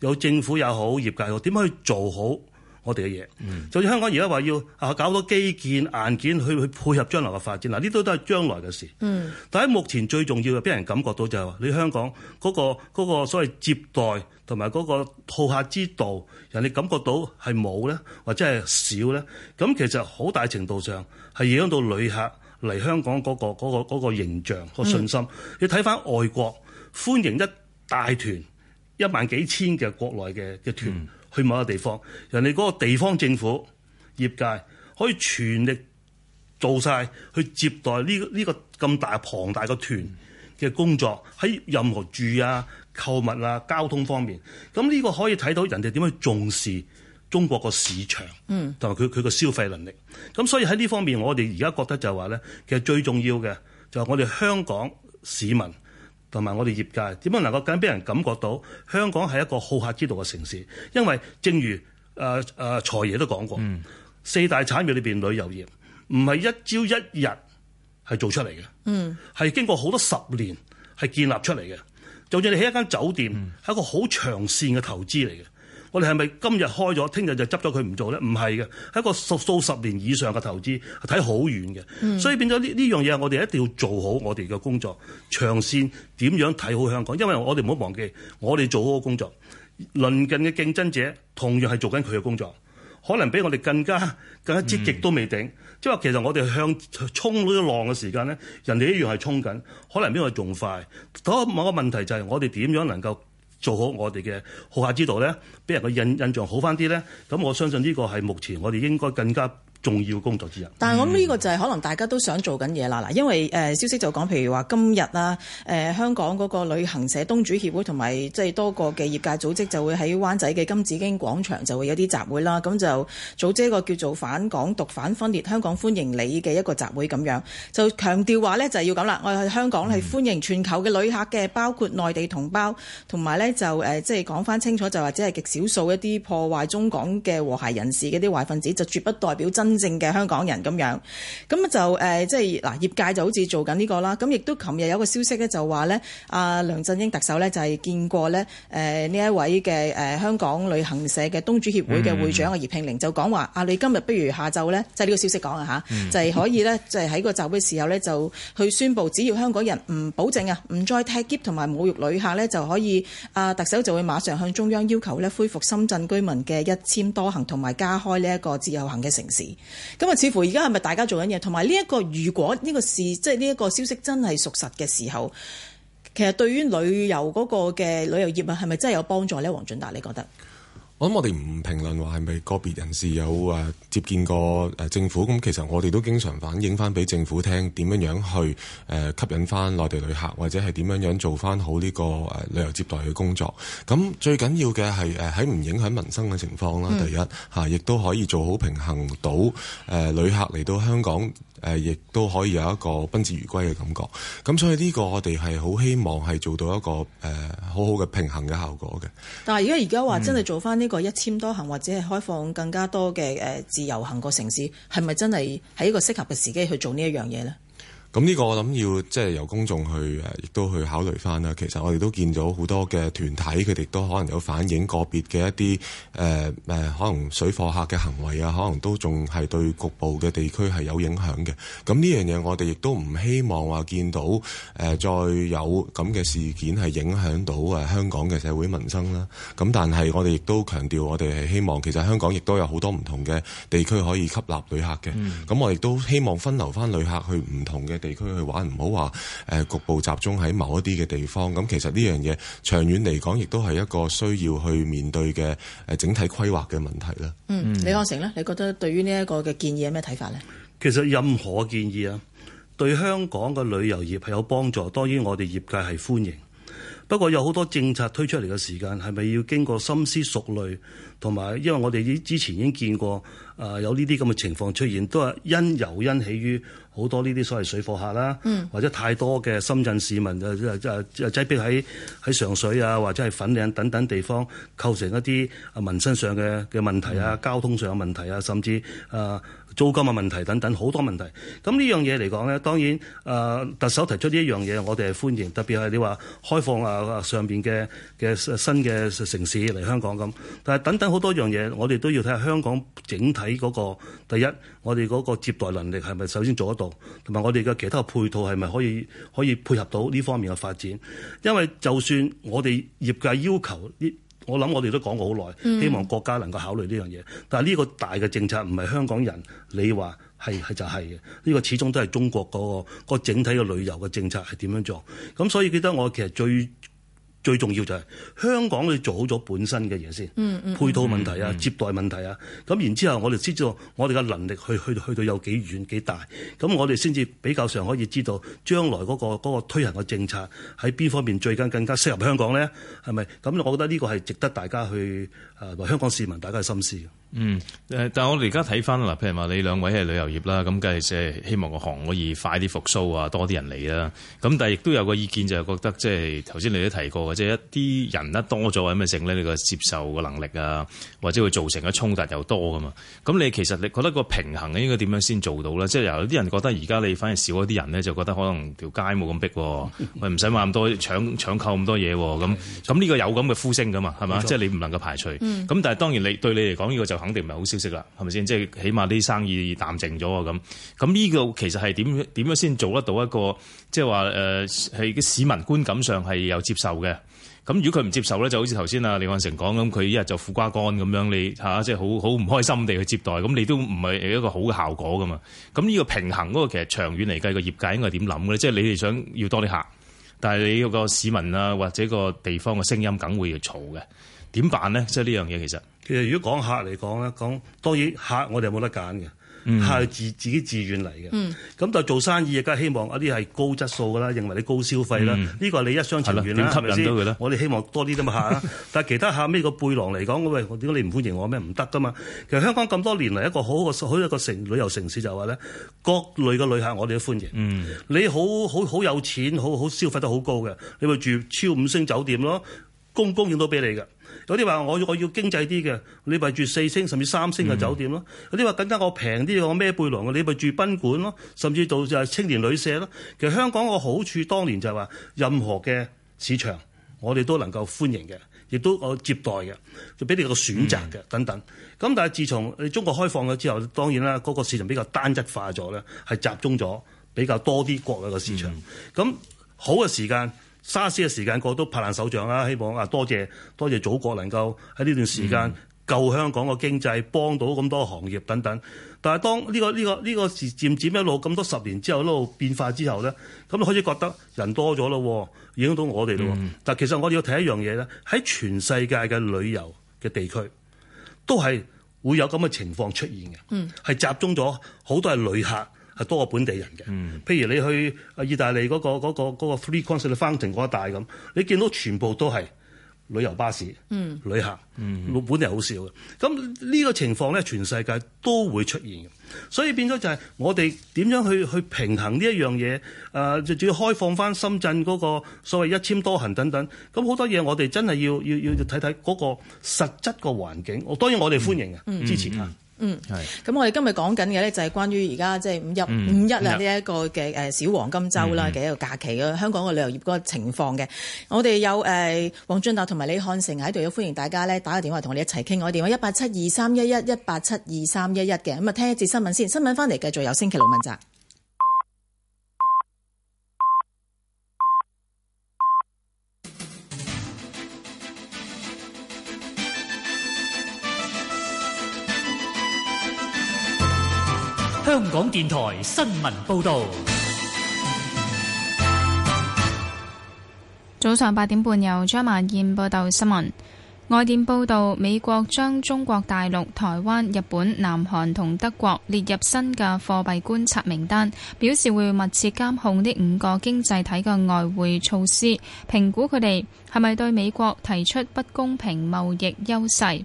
有政府也好，業界又好，點可以做好？我哋嘅嘢，嗯、就似香港而家話要啊搞到基建硬件去去配合將來嘅發展，嗱呢度都係將來嘅事。嗯、但喺目前最重要嘅，俾人感覺到就係話，你香港嗰個嗰個所謂接待同埋嗰個套客之道，人哋感覺到係冇咧，或者係少咧。咁其實好大程度上係影響到旅客嚟香港嗰個嗰個嗰個形象個信心。嗯、你睇翻外國歡迎一大團一萬幾千嘅國內嘅嘅團。嗯去某個地方，人哋嗰個地方政府業界可以全力做晒去接待呢、呢、呢個咁、呢個、大龐大嘅團嘅工作，喺任何住啊、購物啊、交通方面，咁、呢、呢個可以睇到人哋點樣重視中國個市場，同埋佢佢個消費能力。咁、嗯、所以喺呢方面，我哋而家覺得就係話咧，其實最重要嘅就係我哋香港市民。同埋我哋業界點樣能夠咁俾人感覺到香港係一個好客之道嘅城市？因為正如誒誒財爺都講過，嗯、四大產業裏邊旅遊業唔係一朝一日係做出嚟嘅，係、嗯、經過好多十年係建立出嚟嘅。就算你起一間酒店，係一個好長線嘅投資嚟嘅。我哋係咪今日開咗，聽日就執咗佢唔做咧？唔係嘅，係一個數數十年以上嘅投資，睇好遠嘅。嗯、所以變咗呢呢樣嘢我哋一定要做好我哋嘅工作，長線點樣睇好香港？因為我哋唔好忘記，我哋做好工作，鄰近嘅競爭者同樣係做緊佢嘅工作，可能比我哋更加更加積極都未定。即係話，其實我哋向衝呢啲浪嘅時間咧，人哋一樣係衝緊，可能邊個仲快？某個問題就係我哋點樣能夠？做好我哋嘅好客之道咧，俾人嘅印印象好翻啲咧，咁我相信呢個係目前我哋應該更加。重要工作之一，嗯、但係我呢個就係可能大家都想做緊嘢啦嗱，因為誒、呃、消息就講，譬如話今日啦，誒、呃、香港嗰個旅行社東主協會同埋即係多個嘅業界組織就會喺灣仔嘅金紫荊廣場就會有啲集會啦，咁就組織一個叫做反港獨、反分裂、香港歡迎你嘅一個集會咁樣，就強調話呢，就係、是、要咁啦，我哋香港係歡迎全球嘅旅客嘅，包括內地同胞，同埋呢，就誒即係講返清楚就或者係極少數一啲破壞中港嘅和諧人士嗰啲壞分子，就絕不代表真真正嘅香港人咁樣，咁就誒，即係嗱，業界就好似做緊、這、呢個啦。咁亦都，琴日有個消息咧，就話咧，阿梁振英特首咧就係見過咧誒呢一位嘅誒、呃、香港旅行社嘅東主協會嘅會長啊葉慶玲，就講話啊，你今日不如下晝咧，即係呢個消息講啊嚇，嗯、就係可以咧，即係喺個集會時候咧，就去宣佈，只要香港人唔保證啊，唔再踢篋同埋侮辱旅客咧，就可以啊，特首就會馬上向中央要求咧，恢復深圳居民嘅一簽多行同埋加開呢一個自由行嘅城市。咁啊，似乎而家係咪大家做緊嘢？同埋呢一個如果呢個事，即係呢一個消息真係屬實嘅時候，其實對於旅遊嗰個嘅旅遊業啊，係咪真係有幫助咧？黃進達，你覺得？咁我哋唔評論話係咪個別人士有誒接見過誒政府，咁其實我哋都經常反映翻俾政府聽，點樣樣去誒吸引翻內地旅客，或者係點樣樣做翻好呢個誒旅遊接待嘅工作。咁最緊要嘅係誒喺唔影響民生嘅情況啦，第一嚇，亦都、嗯、可以做好平衡到誒、呃、旅客嚟到香港誒，亦都可以有一個賓至如歸嘅感覺。咁所以呢個我哋係好希望係做到一個誒好好嘅平衡嘅效果嘅。但係而家而家話真係做翻呢個、嗯。一簽多行或者係開放更加多嘅、誒、呃、自由行個城市，係咪真係喺一個適合嘅時機去做呢一樣嘢咧？咁呢個我諗要即係由公眾去誒，亦都去考慮翻啦。其實我哋都見到好多嘅團體，佢哋都可能有反映個別嘅一啲誒誒，可能水貨客嘅行為啊，可能都仲係對局部嘅地區係有影響嘅。咁呢樣嘢我哋亦都唔希望話見到誒、呃、再有咁嘅事件係影響到誒香港嘅社會民生啦。咁、嗯、但係我哋亦都強調，我哋係希望其實香港亦都有好多唔同嘅地區可以吸納旅客嘅。咁、嗯、我亦都希望分流翻旅客去唔同嘅地區去玩，唔好話誒局部集中喺某一啲嘅地方。咁其實呢樣嘢長遠嚟講，亦都係一個需要去面對嘅誒整體規劃嘅問題啦。嗯，李漢城咧，你覺得對於呢一個嘅建議有咩睇法咧？其實任何建議啊，對香港嘅旅遊業係有幫助，當然我哋業界係歡迎。不過有好多政策推出嚟嘅時間，係咪要經過深思熟慮？同埋因為我哋之前已經見過，啊有呢啲咁嘅情況出現，都係因由因起於好多呢啲所謂水貨客啦、啊，嗯、或者太多嘅深圳市民就就,就,就,就,就擠迫喺喺上水啊，或者係粉嶺等等地方，構成一啲啊民生上嘅嘅問題啊，嗯、交通上嘅問題啊，甚至啊。租金嘅問題等等好多問題，咁呢樣嘢嚟講呢，當然誒、呃、特首提出呢一樣嘢，我哋係歡迎，特別係你話開放啊上邊嘅嘅新嘅城市嚟香港咁，但係等等好多樣嘢，我哋都要睇下香港整體嗰個第一，我哋嗰個接待能力係咪首先做得到，同埋我哋嘅其他配套係咪可以可以配合到呢方面嘅發展，因為就算我哋業界要求呢，我諗我哋都講過好耐，希望國家能夠考慮呢樣嘢。但係呢個大嘅政策唔係香港人，你話係係就係嘅。呢個始終都係中國嗰個個整體嘅旅遊嘅政策係點樣做。咁所以記得我其實最最重要就係香港，你做好咗本身嘅嘢先，嗯嗯嗯、配套問題啊、接待問題啊，咁、嗯嗯、然之後我哋先知道我哋嘅能力去去去到有幾遠幾大，咁我哋先至比較上可以知道將來嗰個、嗰個推行嘅政策喺邊方面最緊更加適合香港咧，係咪？咁我覺得呢個係值得大家去誒、呃，香港市民大家嘅心思。嗯，誒，但係我哋而家睇翻啦，譬如話你兩位係旅遊業啦，咁梗係即係希望個行可以快啲復甦啊，多啲人嚟啦。咁但係亦都有個意見就係覺得，即係頭先你都提過嘅，即係一啲人得多咗咁嘅性咧，你個接受嘅能力啊，或者會造成嘅衝突又多噶嘛。咁你其實你覺得個平衡應該點樣先做到咧？即係有啲人覺得而家你反而少一啲人咧，就覺得可能條街冇咁逼喎，唔使買咁多搶搶購咁多嘢咁。咁呢個有咁嘅呼聲噶嘛，係嘛？錯即係你唔能夠排除。咁、嗯、但係當然你對你嚟講呢個就肯定唔係好消息啦，係咪先？即係起碼啲生意淡靜咗啊，咁咁呢個其實係點點樣先做得到一個即係話誒，係、就是呃、市民觀感上係有接受嘅。咁如果佢唔接受咧，就好似頭先啊李漢城講咁，佢一日就苦瓜乾咁樣，你吓、啊、即係好好唔開心地去接待，咁你都唔係一個好嘅效果噶嘛。咁呢個平衡嗰個其實長遠嚟計個業界應該係點諗嘅咧？即係你哋想要多啲客，但係你個市民啊或者個地方嘅聲音梗會嘈嘅。點辦咧？即係呢樣嘢其實其實如果講客嚟講咧，講當然客我哋冇得揀嘅，嗯、客係自自己自願嚟嘅。咁、嗯、但係做生意亦梗係希望一啲係高質素㗎啦，認為你高消費啦，呢個係你一廂情願啦，係咪先？我哋希望多啲咁嘅客啦。 但係其他客咩個背囊嚟講？喂，點解你唔歡迎我咩？唔得㗎嘛。其實香港咁多年嚟一個好好一個好一個城旅遊城市就話咧，各類嘅旅客我哋都歡迎。嗯、你好好好有錢，好好，好，好，好消費得好高嘅，你咪住超五星酒店咯，供供應到俾你嘅。有啲話我我要經濟啲嘅，你咪住四星甚至三星嘅酒店咯；嗯、有啲話更加我平啲，我孭背囊，嘅，你咪住賓館咯，甚至到就係青年旅社咯。其實香港個好處，當年就係、是、話任何嘅市場，我哋都能夠歡迎嘅，亦都我接待嘅，就俾你個選擇嘅、嗯、等等。咁但係自從中國開放咗之後，當然啦，嗰、那個市場比較單一化咗咧，係集中咗比較多啲國內嘅市場。咁、嗯、好嘅時間。沙士嘅時間過都拍爛手掌啦，希望啊，多謝多謝祖國能夠喺呢段時間救香港嘅經濟，幫到咁多行業等等。但係當呢個呢個呢個漸漸一路咁多十年之後一路變化之後咧，咁就開始覺得人多咗咯，影響到我哋咯。嗯、但其實我哋要睇一樣嘢咧，喺全世界嘅旅遊嘅地區都係會有咁嘅情況出現嘅，係集中咗好多係旅客。係多過本地人嘅，譬如你去意大利嗰個，嗰個，嗰個 Trevi Fountain 嗰一帶咁，你見到全部都係旅遊巴士，嗯，旅行，嗯，本地好少嘅。咁呢個情況咧，全世界都會出現嘅。所以變咗就係我哋點樣去去平衡呢一樣嘢？就主要開放翻深圳嗰個所謂一簽多行等等。咁好多嘢我哋真係要要要睇睇嗰個實質個環境。我當然我哋歡迎嘅，嗯嗯、支持啊！嗯，係、嗯。咁、嗯、我哋今日講緊嘅咧，就係關於而家即係五一五一啊呢一個嘅誒小黃金周啦嘅、嗯、一個假期嘅香港嘅旅遊業嗰個情況嘅。我哋有誒黃、呃、進達同埋李漢城喺度，歡迎大家咧打個電話同我哋一齊傾。我電話一八七二三一一一八七二三一一嘅。咁啊，18，聽一節新聞先，新聞翻嚟繼續有星期六問責。香港電台新聞報道，早上八點半由張曼燕報道新聞。外電報道，美國將中國大陸、台灣、日本、南韓同德國列入新嘅貨幣觀察名單，表示會密切監控呢五個經濟體嘅外匯措施，評估佢哋係咪對美國提出不公平貿易優勢。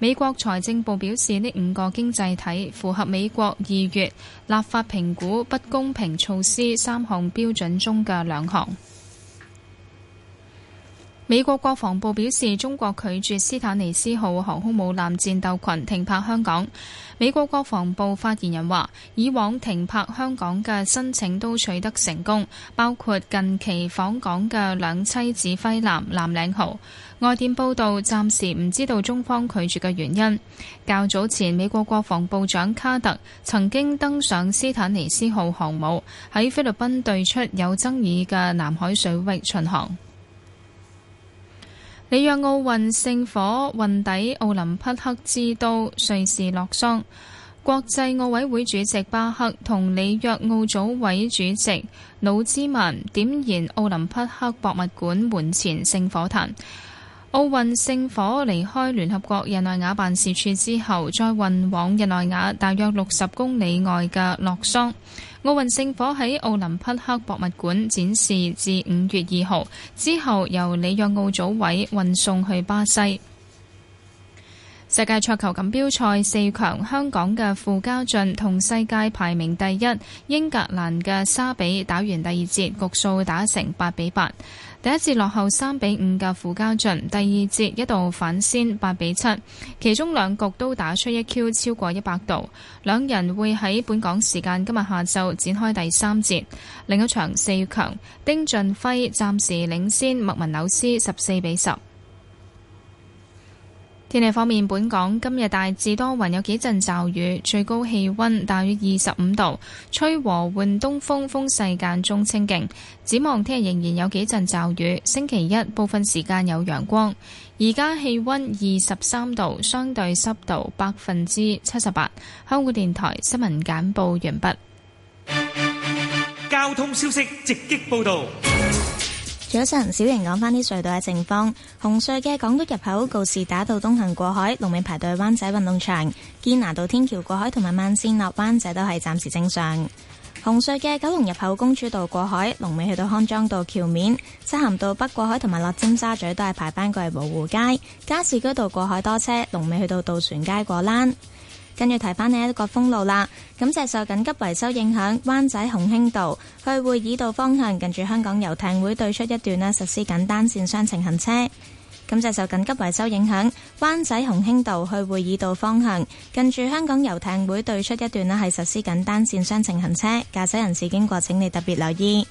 美國財政部表示，呢五個經濟體符合美國二月立法評估不公平措施三項標準中嘅兩項。美國國防部表示，中國拒絕斯坦尼斯號航空母艦戰鬥群停泊香港。美國國防部發言人話：以往停泊香港嘅申請都取得成功，包括近期訪港嘅兩棲指揮艦藍嶺號。外電報導，暫時唔知道中方拒絕嘅原因。較早前，美國國防部長卡特曾經登上斯坦尼斯號航母，喺菲律賓對出有爭議嘅南海水域巡航。里約奧運聖火運抵奧林匹克之都瑞士洛桑，國際奧委會主席巴克同里約奧組委主席魯茲文點燃奧林匹克博物館門前聖火壇。奧運聖火離開聯合國日內瓦辦事處之後，再運往日內瓦大約六十公里外嘅洛桑。奧運聖火喺奧林匹克博物館展示至五月二號之後，由里約奧組委運送去巴西。世界桌球錦標賽四強，香港嘅傅家俊同世界排名第一，英格蘭嘅沙比打完第二節，局數打成八比八。第一節落後三比五嘅傅家俊，第二節一度反先八比七，其中兩局都打出一 Q 超過一百度。兩人會喺本港時間今日下晝展開第三節。另一場四強，丁俊暉暫時領先麥文紐斯十四比十。天氣方面，本港今日大致多雲，有幾陣驟雨，最高氣温大約二十五度，吹和緩東風，風勢間中清勁。展望聽日仍然有幾陣驟雨。星期一部分時間有陽光。而家氣温二十三度，相對濕度百分之七十八。香港電台新聞簡報完畢。交通消息直擊報道。早晨，小瑩講返啲隧道嘅情況。紅隧嘅港島入口告士打道東行過海龍尾排隊，灣仔運動場堅拿道天橋過海同埋慢綫落灣仔都係暫時正常。紅隧嘅九龍入口公主道過海龍尾去到康莊道橋面，西行到北過海同埋落尖沙咀都係排班過去。蕪湖街加士居道過海多車，龍尾去到渡船街過欄。跟住提返呢一個封路啦。咁就係受緊急維修影響灣仔紅興道去會議道方向，近住香港遊艇會對出一段呢實施緊單線雙程行車。咁就係受緊急維修影響灣仔紅興道去會議道方向，近住香港遊艇會對出一段呢係實施緊單線雙程行車，駕駛人士經過請你特別留意。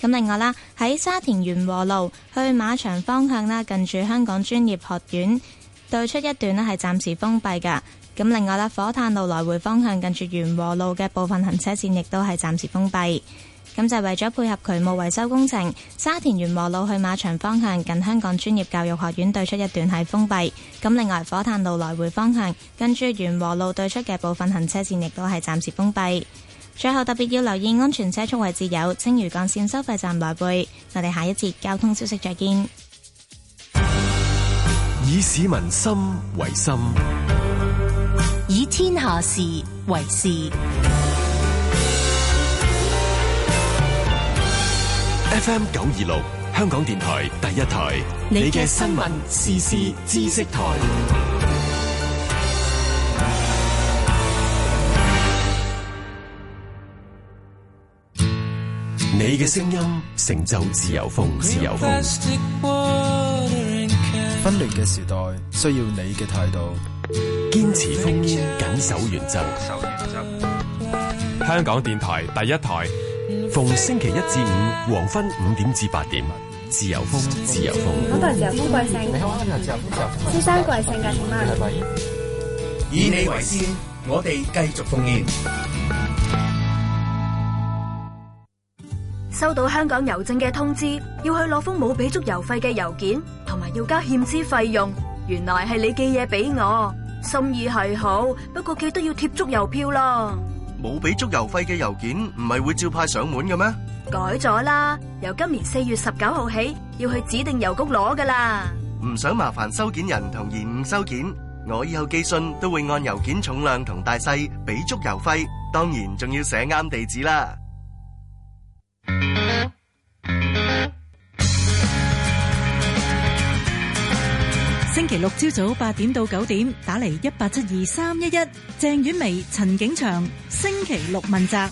咁另外啦，喺沙田元和路去馬場方向啦，近住香港專業學院對出一段呢係暫時封閉嘅。咁另外啦，火炭路來回方向近住元和路嘅部分行車線亦都係暫時封閉。咁就為咗配合渠務維修工程，沙田元和路去馬場方向近香港專業教育學院對出一段係封閉。咁另外，火炭路來回方向近住元和路對出嘅部分行車線亦都係暫時封閉。最後特別要留意安全車速位置有青嶼幹線收費站來回。我哋下一節交通消息再見。以市民心為心。下事為事，FM 九二六香港電台第一台，你嘅新聞時事知識台，你嘅聲音成就自由風，自由風，紛亂嘅時代需要你嘅態度。堅持奉獻，謹守原則。香港電台第一台，逢星期一至五黃昏五點至八點，自由風，自由風。以你為先，我哋繼續奉獻。收到香港郵政嘅通知，要去攞封冇俾足郵費嘅郵件，同埋要交欠資費用。原來係你寄嘢俾我，心意係好，不過記得要貼足郵票啦。冇俾足郵費嘅郵件，唔係會照派上門嘅咩？改咗啦，由今年四月十九號起，要去指定郵局攞噶啦。唔想麻煩收件人同延誤收件，我以後寄信都會按郵件重量同大細俾足郵費，當然仲要寫啱地址啦。星期六朝早八點到九點，打嚟一八七二三一一，鄭婉薇、陳景祥，星期六問責。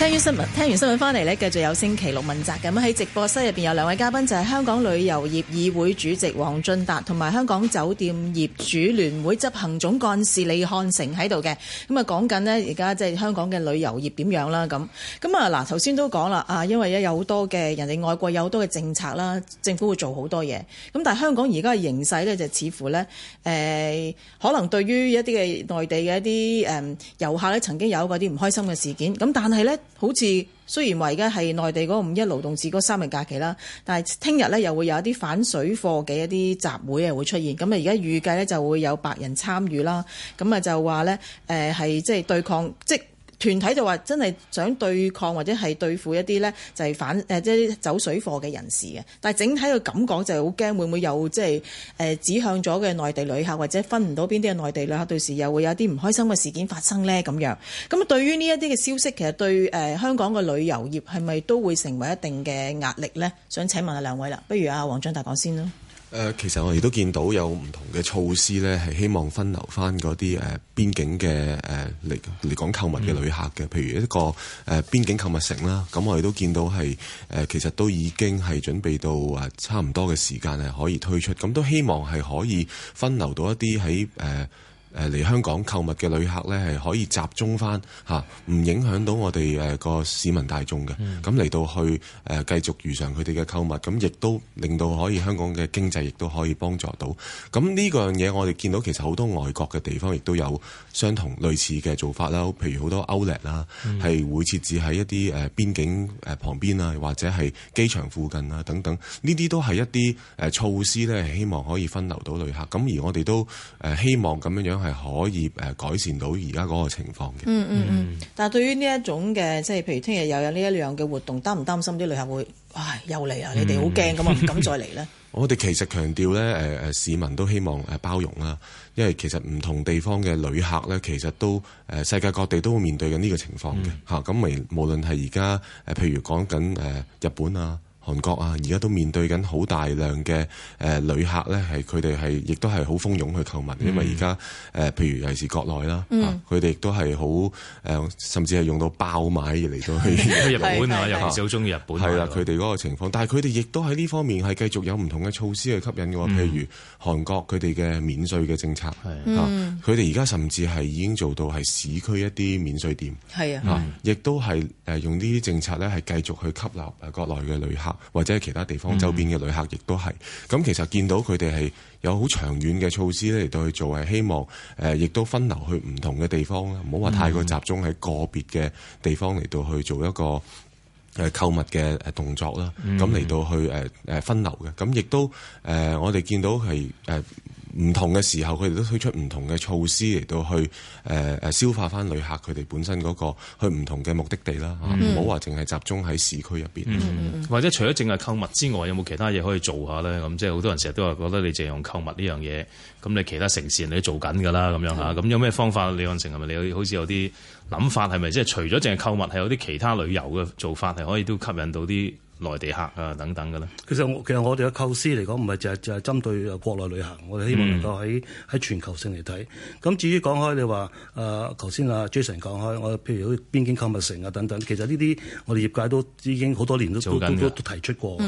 聽完新聞，聽完新聞翻嚟呢，繼續有星期六問責嘅，咁喺直播室入邊有兩位嘉賓，就係、是、香港旅遊業議會主席黃進達同埋香港酒店業主聯會執行總幹事李漢城喺度嘅，咁啊講緊呢，而家即係香港嘅旅遊業點樣啦，咁咁啊嗱頭先都講啦啊，因為咧有好多嘅人哋外國有好多嘅政策啦，政府會做好多嘢咁，但係香港而家嘅形勢呢，就似乎呢，誒、呃、可能對於一啲嘅內地嘅一啲誒、呃、遊客呢，曾經有過一啲唔開心嘅事件咁，但係呢。好似雖然話而家係內地嗰個五一勞動節嗰三日假期啦，但係聽日咧又會有一啲反水貨嘅一啲集會啊會出現，咁啊而家預計咧就會有百人參與啦，咁啊就話咧誒係即係對抗即。團體就話真係想對抗或者係對付一啲呢，就係反誒即係走水貨嘅人士嘅，但係整體嘅感覺就係好驚會唔會有即係誒指向咗嘅內地旅客或者分唔到邊啲嘅內地旅客，到時又會有啲唔開心嘅事件發生呢？咁樣。咁對於呢一啲嘅消息，其實對誒香港嘅旅遊業係咪都會成為一定嘅壓力呢？想請問下兩位啦，不如阿黃進達講先啦。誒、呃，其實我哋都見到有唔同嘅措施呢，係希望分流翻嗰啲誒邊境嘅誒嚟嚟講購物嘅旅客嘅，譬如一個誒邊、呃、境購物城啦。咁我哋都見到係誒、呃，其實都已經係準備到啊差唔多嘅時間係可以推出，咁都希望係可以分流到一啲喺誒。呃誒嚟香港購物嘅旅客咧，係可以集中翻吓唔影響到我哋誒個市民大眾嘅。咁嚟、嗯、到去誒繼、呃、續如常佢哋嘅購物，咁亦都令到可以香港嘅經濟亦都可以幫助到。咁、這、呢個樣嘢，我哋見到其實好多外國嘅地方亦都有相同類似嘅做法啦。譬如好多 outlet 啦，係會設置喺一啲誒邊境誒旁邊啊，或者係機場附近啊等等。呢啲都係一啲誒措施咧，希望可以分流到旅客。咁而我哋都誒希望咁樣樣。係可以誒改善到而家嗰個情況嘅，嗯。嗯嗯嗯。但係對於呢一種嘅，即係譬如聽日又有呢一樣嘅活動，擔唔擔心啲旅客會唉又嚟啊？你哋好驚咁啊，唔，嗯，敢再嚟呢？ 我哋其實強調咧，誒誒，市民都希望誒包容啦，因為其實唔同地方嘅旅客咧，其實都誒世界各地都會面對緊呢個情況嘅吓。咁未，嗯，無論係而家誒，譬如講緊誒日本啊。韓國啊，而家都面對緊好大量嘅誒旅客咧，係佢哋係亦都係好蜂擁去購物，因為而家誒譬如尤其是國內啦、啊，佢哋亦都係好誒，甚至係用到爆買嚟到去，去日本啊，尤其是好中意日本。係啦、啊，佢哋嗰個情況，但係佢哋亦都喺呢方面係繼續有唔同嘅措施去吸引嘅喎，譬如韓國佢哋嘅免稅嘅政策，佢哋而家甚至係已經做到係市區一啲免稅店，係啊，亦都係誒用呢啲政策咧係繼續去吸納誒國內嘅旅客。或者其他地方周邊嘅旅客，亦都係咁。其實見到佢哋係有好長遠嘅措施咧，嚟到去做，係希望誒，亦都分流去唔同嘅地方啦。唔好話太過集中喺個別嘅地方嚟到去做一個誒購物嘅誒動作啦。咁嚟到去誒誒分流嘅，咁亦都誒，我哋見到係誒。唔同嘅時候，佢哋都推出唔同嘅措施嚟到去誒誒、呃、消化翻旅客佢哋本身嗰、那個去唔同嘅目的地啦，唔好話淨係集中喺市區入邊。嗯、樣或者除咗淨係購物之外，有冇其他嘢可以做下咧？咁即係好多人成日都話覺得你淨係用購物呢樣嘢，咁你其他城市人你都做緊㗎啦，咁樣嚇。咁是的 有咩方法？李漢城係咪你好似有啲諗法？係咪即係除咗淨係購物，係有啲其他旅遊嘅做法係可以都吸引到啲？內地客啊等等嘅咧，其實我其實我哋嘅構思嚟講，唔係淨係就係針對國內旅行，我哋希望能夠喺喺、嗯、全球性嚟睇。咁至於講開你話誒，頭先阿 Jason 講開，我譬如好似邊境購物城啊等等，其實呢啲我哋業界都已經好多年都都，都，都，都，都提出過。咁、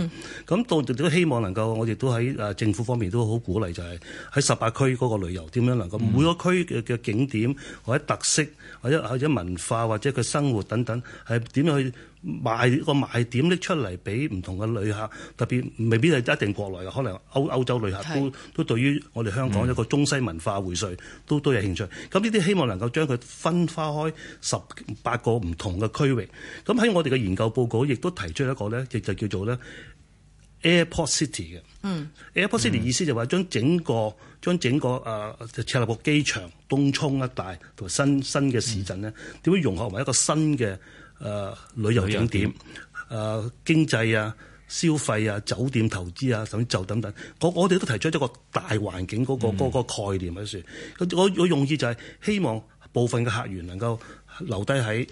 嗯、到亦都希望能夠，我哋都喺誒政府方面都好鼓勵，就係喺十八區嗰個旅遊點樣能夠每個區嘅嘅景點或者特色或者或者文化或者佢生活等等係點樣去？賣個賣點拎出嚟俾唔同嘅旅客，特別未必係一定國內嘅，可能歐歐洲旅客都都對於我哋香港一個中西文化匯萃都都有興趣。咁呢啲希望能夠將佢分化開十八個唔同嘅區域。咁喺我哋嘅研究報告亦都提出一個咧，亦就叫做咧 Airport City 嘅。嗯，Airport City 意思就話將整個將整個誒赤鱲角機場，東涌一帶同埋新新嘅市鎮咧，點樣融合為一個新嘅。誒、呃、旅遊景點、誒、呃、經濟啊、消費啊、酒店投資啊，甚至就等等。我我哋都提出咗個大環境嗰、那個嗰、嗯、概念係算。我我用意就係希望部分嘅客源能夠留低喺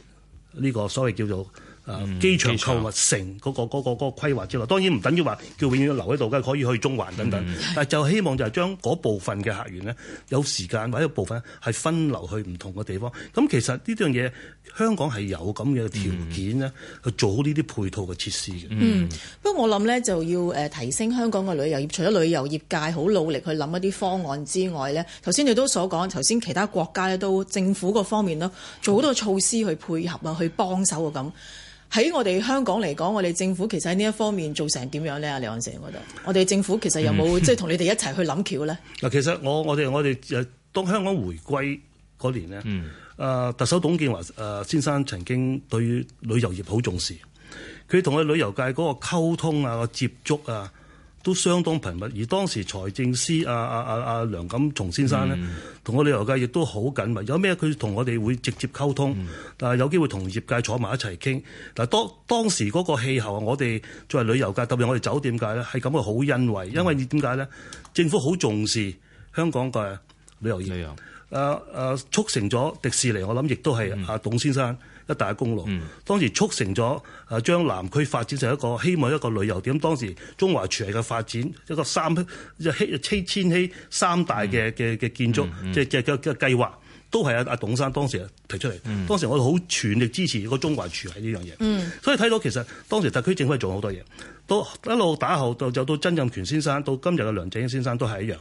呢個所謂叫做。啊！嗯、機場購物城嗰個、嗰個嗰、嗰個嗰、嗰個嗰個嗰個、規劃之內，當然唔等於話叫永遠留喺度，梗係可以去中環等等。嗯、但係就希望就係將嗰部分嘅客源呢，有時間或者部分係分流去唔同嘅地方。咁其實呢啲嘢，香港係有咁嘅條件呢，去、嗯、做好呢啲配套嘅設施嘅。嗯，嗯不過我諗呢就要誒提升香港嘅旅遊業，除咗旅遊業界好努力去諗一啲方案之外呢，頭先你都所講，頭先其他國家呢，都政府嗰方面咧做好多措施去配合啊，去幫手啊咁。喺我哋香港嚟講，我哋政府其實喺呢一方面做成點樣咧？阿李漢城，我覺得我哋政府其實有冇即係同你哋一齊去諗橋咧？嗱，其實我我哋我哋誒當香港回歸嗰年咧，誒特首董建華誒先生曾經對於旅遊業好重視，佢同嘅旅遊界嗰個溝通啊、個接觸啊，都相當頻密，而當時財政司阿阿阿阿梁錦松先生咧，同、嗯、個旅遊界亦都好緊密。有咩佢同我哋會直接溝通，但係、嗯啊、有機會同業界坐埋一齊傾。嗱，當當時嗰個氣候，我哋作為旅遊界，特別我哋酒店界咧，係感覺好欣慰，嗯、因為點解咧？政府好重視香港嘅旅遊業，誒誒由、啊啊，促成咗迪士尼，我諗亦都係阿董先生。嗯一大功勞，當時促成咗誒將南區發展成一個希望一個旅遊點。當時中華廚藝嘅發展一個三一希一希千禧三大嘅嘅嘅建築， 即係即係計劃。都係阿阿董生當時提出嚟，嗯、當時我哋好全力支持個中環廚喺呢樣嘢，嗯、所以睇到其實當時特區政府係做咗好多嘢，都一路打後就到到曾蔭權先生，到今日嘅梁振英先生都係一樣。誒、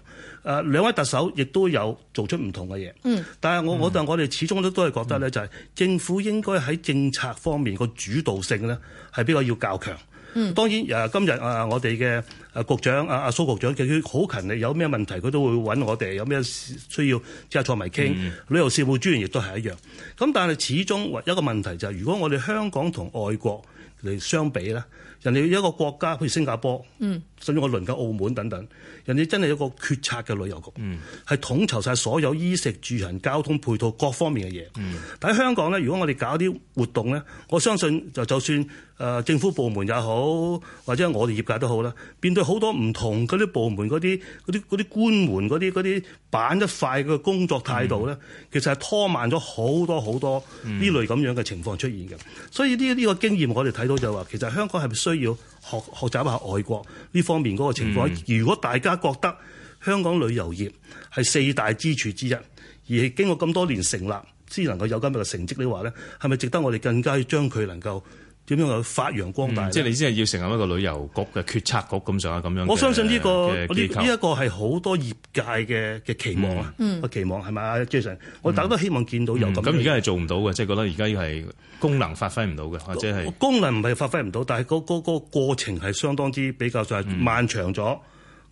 啊、兩位特首亦都有做出唔同嘅嘢，嗯、但係我我、嗯、我哋始終都都係覺得咧，就係、是、政府應該喺政策方面個主導性咧，係比較要較強。嗯，當然誒，今日誒、啊、我哋嘅誒局長阿阿、啊、蘇局長，佢好勤力，有咩問題佢都會揾我哋，有咩需要即係坐埋傾。嗯、旅遊事務專員亦都係一樣。咁但係始終有一個問題就係、是，如果我哋香港同外國嚟相比咧，人哋一個國家譬如新加坡。嗯。甚至我鄰近澳門等等，人哋真係一個決策嘅旅遊局，係、嗯、統籌晒所有衣食住行、交通配套各方面嘅嘢。嗯、但喺香港咧，如果我哋搞啲活動咧，我相信就就算誒政府部門也好，或者我哋業界都好啦，面對好多唔同嗰啲部門、嗰啲啲啲官門、嗰啲啲板一塊嘅工作態度咧，嗯、其實係拖慢咗好多好多呢類咁樣嘅情況出現嘅。嗯、所以呢呢個經驗我哋睇到就話，其實香港係咪需要？學學習一下外國呢方面嗰個情況。嗯、如果大家覺得香港旅遊業係四大支柱之一，而經過咁多年成立，先能夠有今日嘅成績的話咧，係咪值得我哋更加將佢能夠？點樣去發揚光大、嗯？即係你先係要成立一個旅遊局嘅決策局咁上下咁樣。我相信呢、呢個呢一個、呢個係好、呢個、多業界嘅嘅期望啊、嗯、期望係咪啊？Jason，嗯、我大家都希望見到有咁、嗯。咁而家係做唔到嘅，即係覺得而家係功能發揮唔到嘅，或者係功能唔係發揮唔到，但係嗰嗰個過程係相當之比較就係漫長咗。嗯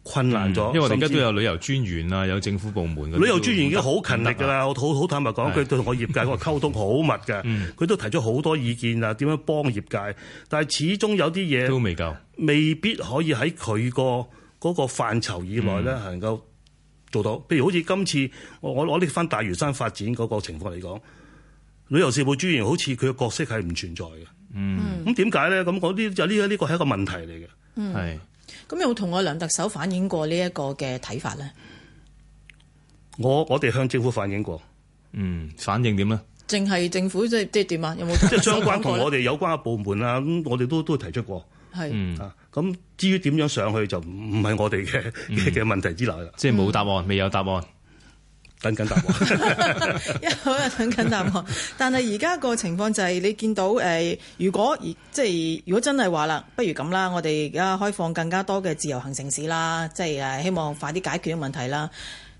困難咗，因為我而家都有旅遊專員啊，有政府部門嘅旅遊專員已經好勤力噶啦，我好好坦白講，佢對我業界嗰個溝通好密㗎，佢都提咗好多意見啊，點樣幫業界？但係始終有啲嘢都未夠，未必可以喺佢個嗰個範疇以內咧，能夠做到。譬如好似今次，我我我攞翻大嶼山發展嗰個情況嚟講，旅遊事務專員好似佢嘅角色係唔存在嘅。嗯，咁點解咧？咁我呢就呢個呢個係一個問題嚟嘅。嗯，咁有冇同我梁特首反映過呢一個嘅睇法咧？我我哋向政府反映過，嗯，反映點咧？淨係政府即係即係點啊？有冇即係相關同我哋有關嘅部門啊？咁我哋都都提出過，係是、嗯、啊。咁至於點樣上去就唔係我哋嘅嘅問題之內啦。即係冇答案，嗯、未有答案。等緊答案 好，一係等緊答案。但係而家個情況就係、是、你見到誒、呃，如果即係如果真係話啦，不如咁啦，我哋而家開放更加多嘅自由行城市啦，即係誒希望快啲解決啲問題啦。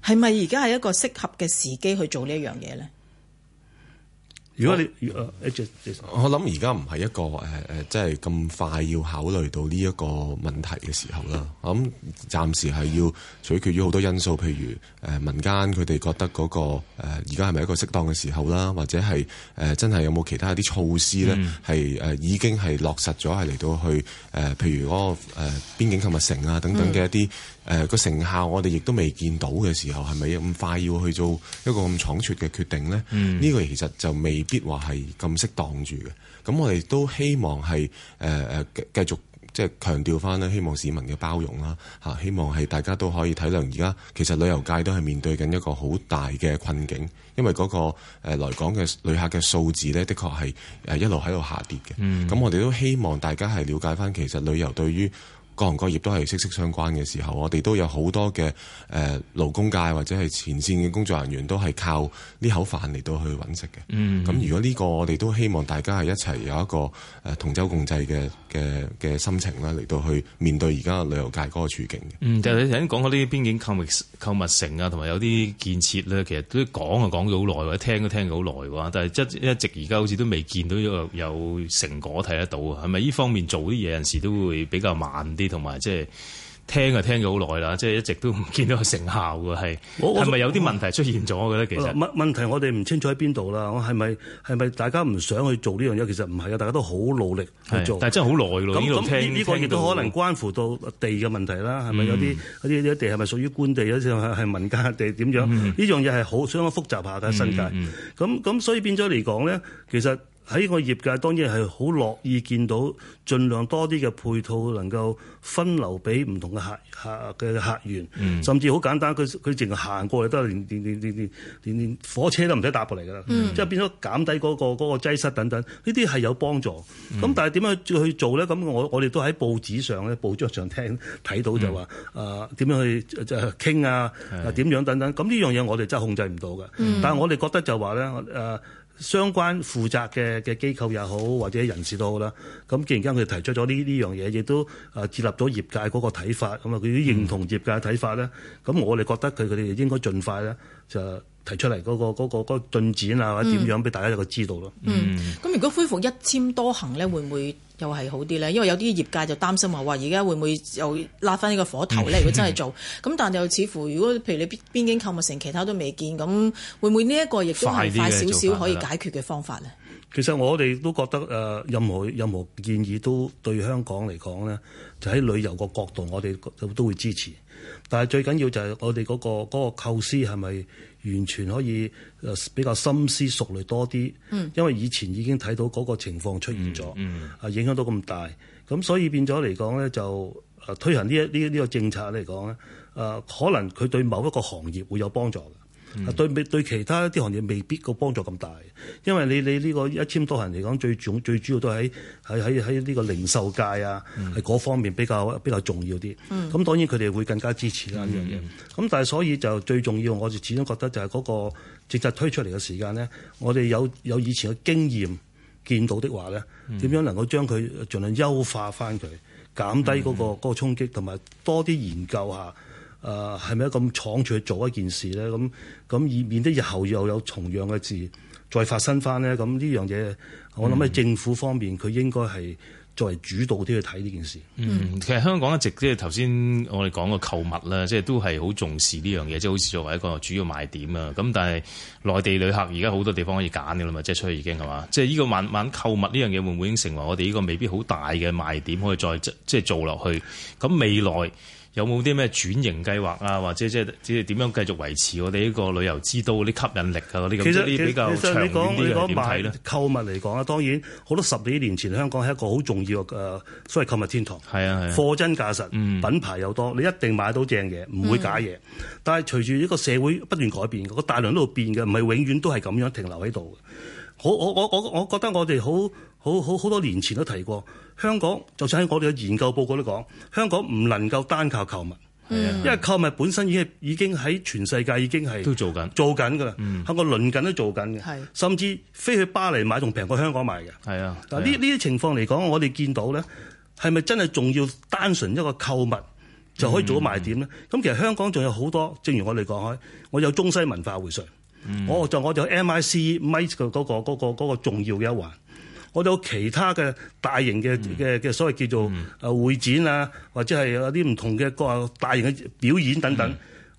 係咪而家係一個適合嘅時機去做呢一樣嘢咧？如果你，我諗而家唔係一個誒誒，即係咁快要考慮到呢一個問題嘅時候啦。咁暫時係要取決於好多因素，譬如誒、呃、民間佢哋覺得嗰、那個而家係咪一個適當嘅時候啦，或者係誒、呃、真係有冇其他一啲措施咧，係誒、mm. 呃、已經係落實咗係嚟到去誒、呃，譬如嗰、那個誒、呃、邊境購物城啊等等嘅一啲。Mm. 誒個、呃、成效，我哋亦都未見到嘅時候，係咪咁快要去做一個咁倉促嘅決定呢？呢、嗯、個其實就未必話係咁適當住嘅。咁我哋都希望係誒誒繼續即係強調翻啦，希望市民嘅包容啦嚇、啊，希望係大家都可以體諒。而家其實旅遊界都係面對緊一個好大嘅困境，因為嗰、那個誒、呃、來港嘅旅客嘅數字呢，的確係誒一路喺度下跌嘅。咁、嗯、我哋都希望大家係了解翻，其實旅遊對於各行各業都係息息相關嘅時候，我哋都有好多嘅誒勞工界或者係前線嘅工作人員都係靠呢口飯嚟到去揾食嘅。咁、嗯、如果呢、呢個我哋都希望大家係一齊有一個誒同舟共濟嘅嘅嘅心情啦，嚟到去面對而家旅遊界嗰個處境嘅。嗯，就係你頭先講過呢啲邊境購物購物城啊，同埋有啲建設咧，其實都講啊講咗好耐，或者聽都聽咗好耐嘅話，但係一直而家好似都未見到有有成果睇得到啊？係咪呢方面做啲嘢有陣時都會比較慢啲？同埋即係聽啊，聽咗好耐啦，即係一直都唔見到成效嘅，係係咪有啲問題出現咗嘅咧？其實問問題我哋唔清楚喺邊度啦。我係咪係咪大家唔想去做呢樣嘢？其實唔係啊，大家都好努力去做，但係真係好耐咯。呢度聽聽到。咁呢呢個亦都可能關乎到地嘅問題啦。係咪有啲有啲地係咪屬於官地，有啲係係民間地點樣？呢樣嘢係好相當複雜下但係新界。咁咁所以變咗嚟講咧，其實。喺個業界當然係好樂意見到盡量多啲嘅配套能夠分流俾唔同嘅客客嘅客源，甚至好簡單，佢佢淨係行過嚟都係連連火車都唔使搭過嚟噶啦， 即係變咗減低嗰個嗰個擠塞等等，呢啲係有幫助。咁但係點樣去做咧？咁我我哋都喺報紙上咧報章上聽睇到就話啊點樣去就傾啊啊點 樣等等。咁呢樣嘢我哋真係控制唔到嘅。但係我哋覺得就話咧誒。呃相關負責嘅嘅機構又好，或者人士都好啦。咁既然間佢提出咗呢呢樣嘢，亦都誒設立咗業界嗰個睇法，咁啊佢哋認同業界嘅睇法咧，咁我哋覺得佢佢哋應該盡快咧。就提出嚟嗰個嗰個嗰進展啊，或者點樣俾大家一個知道咯。嗯，咁、嗯嗯、如果恢復一簽多行咧，會唔會又係好啲咧？因為有啲業界就擔心話，話而家會唔會又拉翻呢個火頭咧？ 如果真係做，咁但又似乎如果譬如你邊邊境購物城其他都未見，咁會唔會呢一個亦都係快少少可以解決嘅方法咧？其實我哋都覺得誒、呃、任何任何建議都對香港嚟講咧，就喺旅遊個角度，我哋都都會支持。但係最緊要就係我哋、嗰個、嗰個構思係咪完全可以誒比較深思熟慮多啲？嗯，因為以前已經睇到個情況出現咗、嗯，嗯，啊影響到咁大，咁所以變咗嚟講咧，就誒、啊、推行呢一呢呢個政策嚟講咧，誒、啊、可能佢對某一個行業會有幫助。對未對其他一啲行業未必個幫助咁大，因為你你呢個一千多人嚟講，最重最主要都係喺喺喺喺呢個零售界啊，係嗰、嗯、方面比較比較重要啲。咁、嗯、當然佢哋會更加支持啦呢樣嘢。咁、嗯嗯、但係所以就最重要，我哋始終覺得就係嗰個政策推出嚟嘅時間咧，我哋有有以前嘅經驗見到的話咧，點、嗯、樣能夠將佢儘量優化翻佢，減低嗰、那個嗰、那個衝擊，同埋多啲研究下。誒係咪一咁闖出去做一件事咧？咁咁以免得日後又有同樣嘅事再發生翻咧？咁呢樣嘢，我諗喺政府方面，佢、嗯、應該係作為主導啲去睇呢件事。嗯，其實香港一直即係頭先我哋講個購物啦，即係都係好重視呢樣嘢，即係好似作為一個主要賣點啊。咁但係內地旅客而家好多地方可以揀噶啦嘛，即係出去已經係嘛？即係呢個慢慢購物呢樣嘢會唔會已經成為我哋呢個未必好大嘅賣點可以再即即係做落去？咁未來？有冇啲咩轉型計劃啊？或者即係即係點樣繼續維持我哋呢個旅遊之都啲吸引力啊？呢啲實比較長比啲長遠啲嘅點睇咧？你你購物嚟講啊，當然好多十幾年前香港係一個好重要嘅所謂購物天堂。係啊係。啊貨真價實，嗯、品牌又多，你一定買到正嘢，唔會假嘢。嗯、但係隨住呢個社會不斷改變，個大量都度變嘅，唔係永遠都係咁樣停留喺度。我我我我我覺得我哋好好好好多年前都提過，香港就算喺我哋嘅研究報告都講，香港唔能夠單靠購物，啊、因為購物本身已經已經喺全世界已經係都做緊、嗯、做緊噶啦，喺個鄰近都做緊嘅，甚至飛去巴黎買仲平過香港買嘅。係啊，嗱呢呢啲情況嚟講，我哋見到咧，係咪真係仲要單純一個購物就可以做到賣點咧？咁、嗯、其實香港仲有好多，正如我哋講開，我有中西文化匯粹，我就我就 MICE 嘅嗰個嗰嗰、嗰個嗰個嗰個重要嘅一環。我哋有其他嘅大型嘅嘅嘅，所謂叫做誒會展啊，或者係有啲唔同嘅個大型嘅表演等等，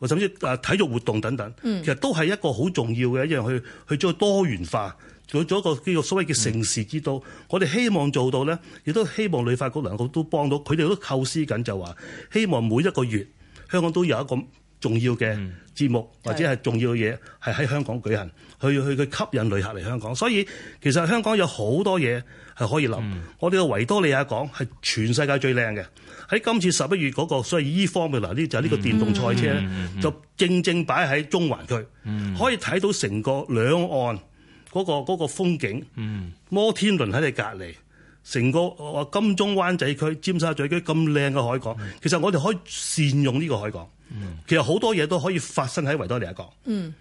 甚至誒體育活動等等，其實都係一個好重要嘅一樣去去做多元化，做咗一個叫做所謂嘅城市之都。我哋希望做到咧，亦都希望旅發局能夠都幫到佢哋，都構思緊就話，希望每一個月香港都有一個重要嘅節目，或者係重要嘅嘢係喺香港舉行。去去去吸引旅客嚟香港，所以其實香港有好多嘢係可以諗。嗯、我哋嘅維多利亞港係全世界最靚嘅。喺今次十一月嗰個所謂依方面嗱，呢就係呢個電動賽車咧，嗯、就正正擺喺中環區，嗯、可以睇到成個兩岸嗰、嗰個嗰、嗰個風景。嗯、摩天輪喺你隔籬，成個金鐘灣仔區、尖沙咀區咁靚嘅海港，嗯、其實我哋可以善用呢個海港。嗯、其實好多嘢都可以發生喺維多利亞港。嗯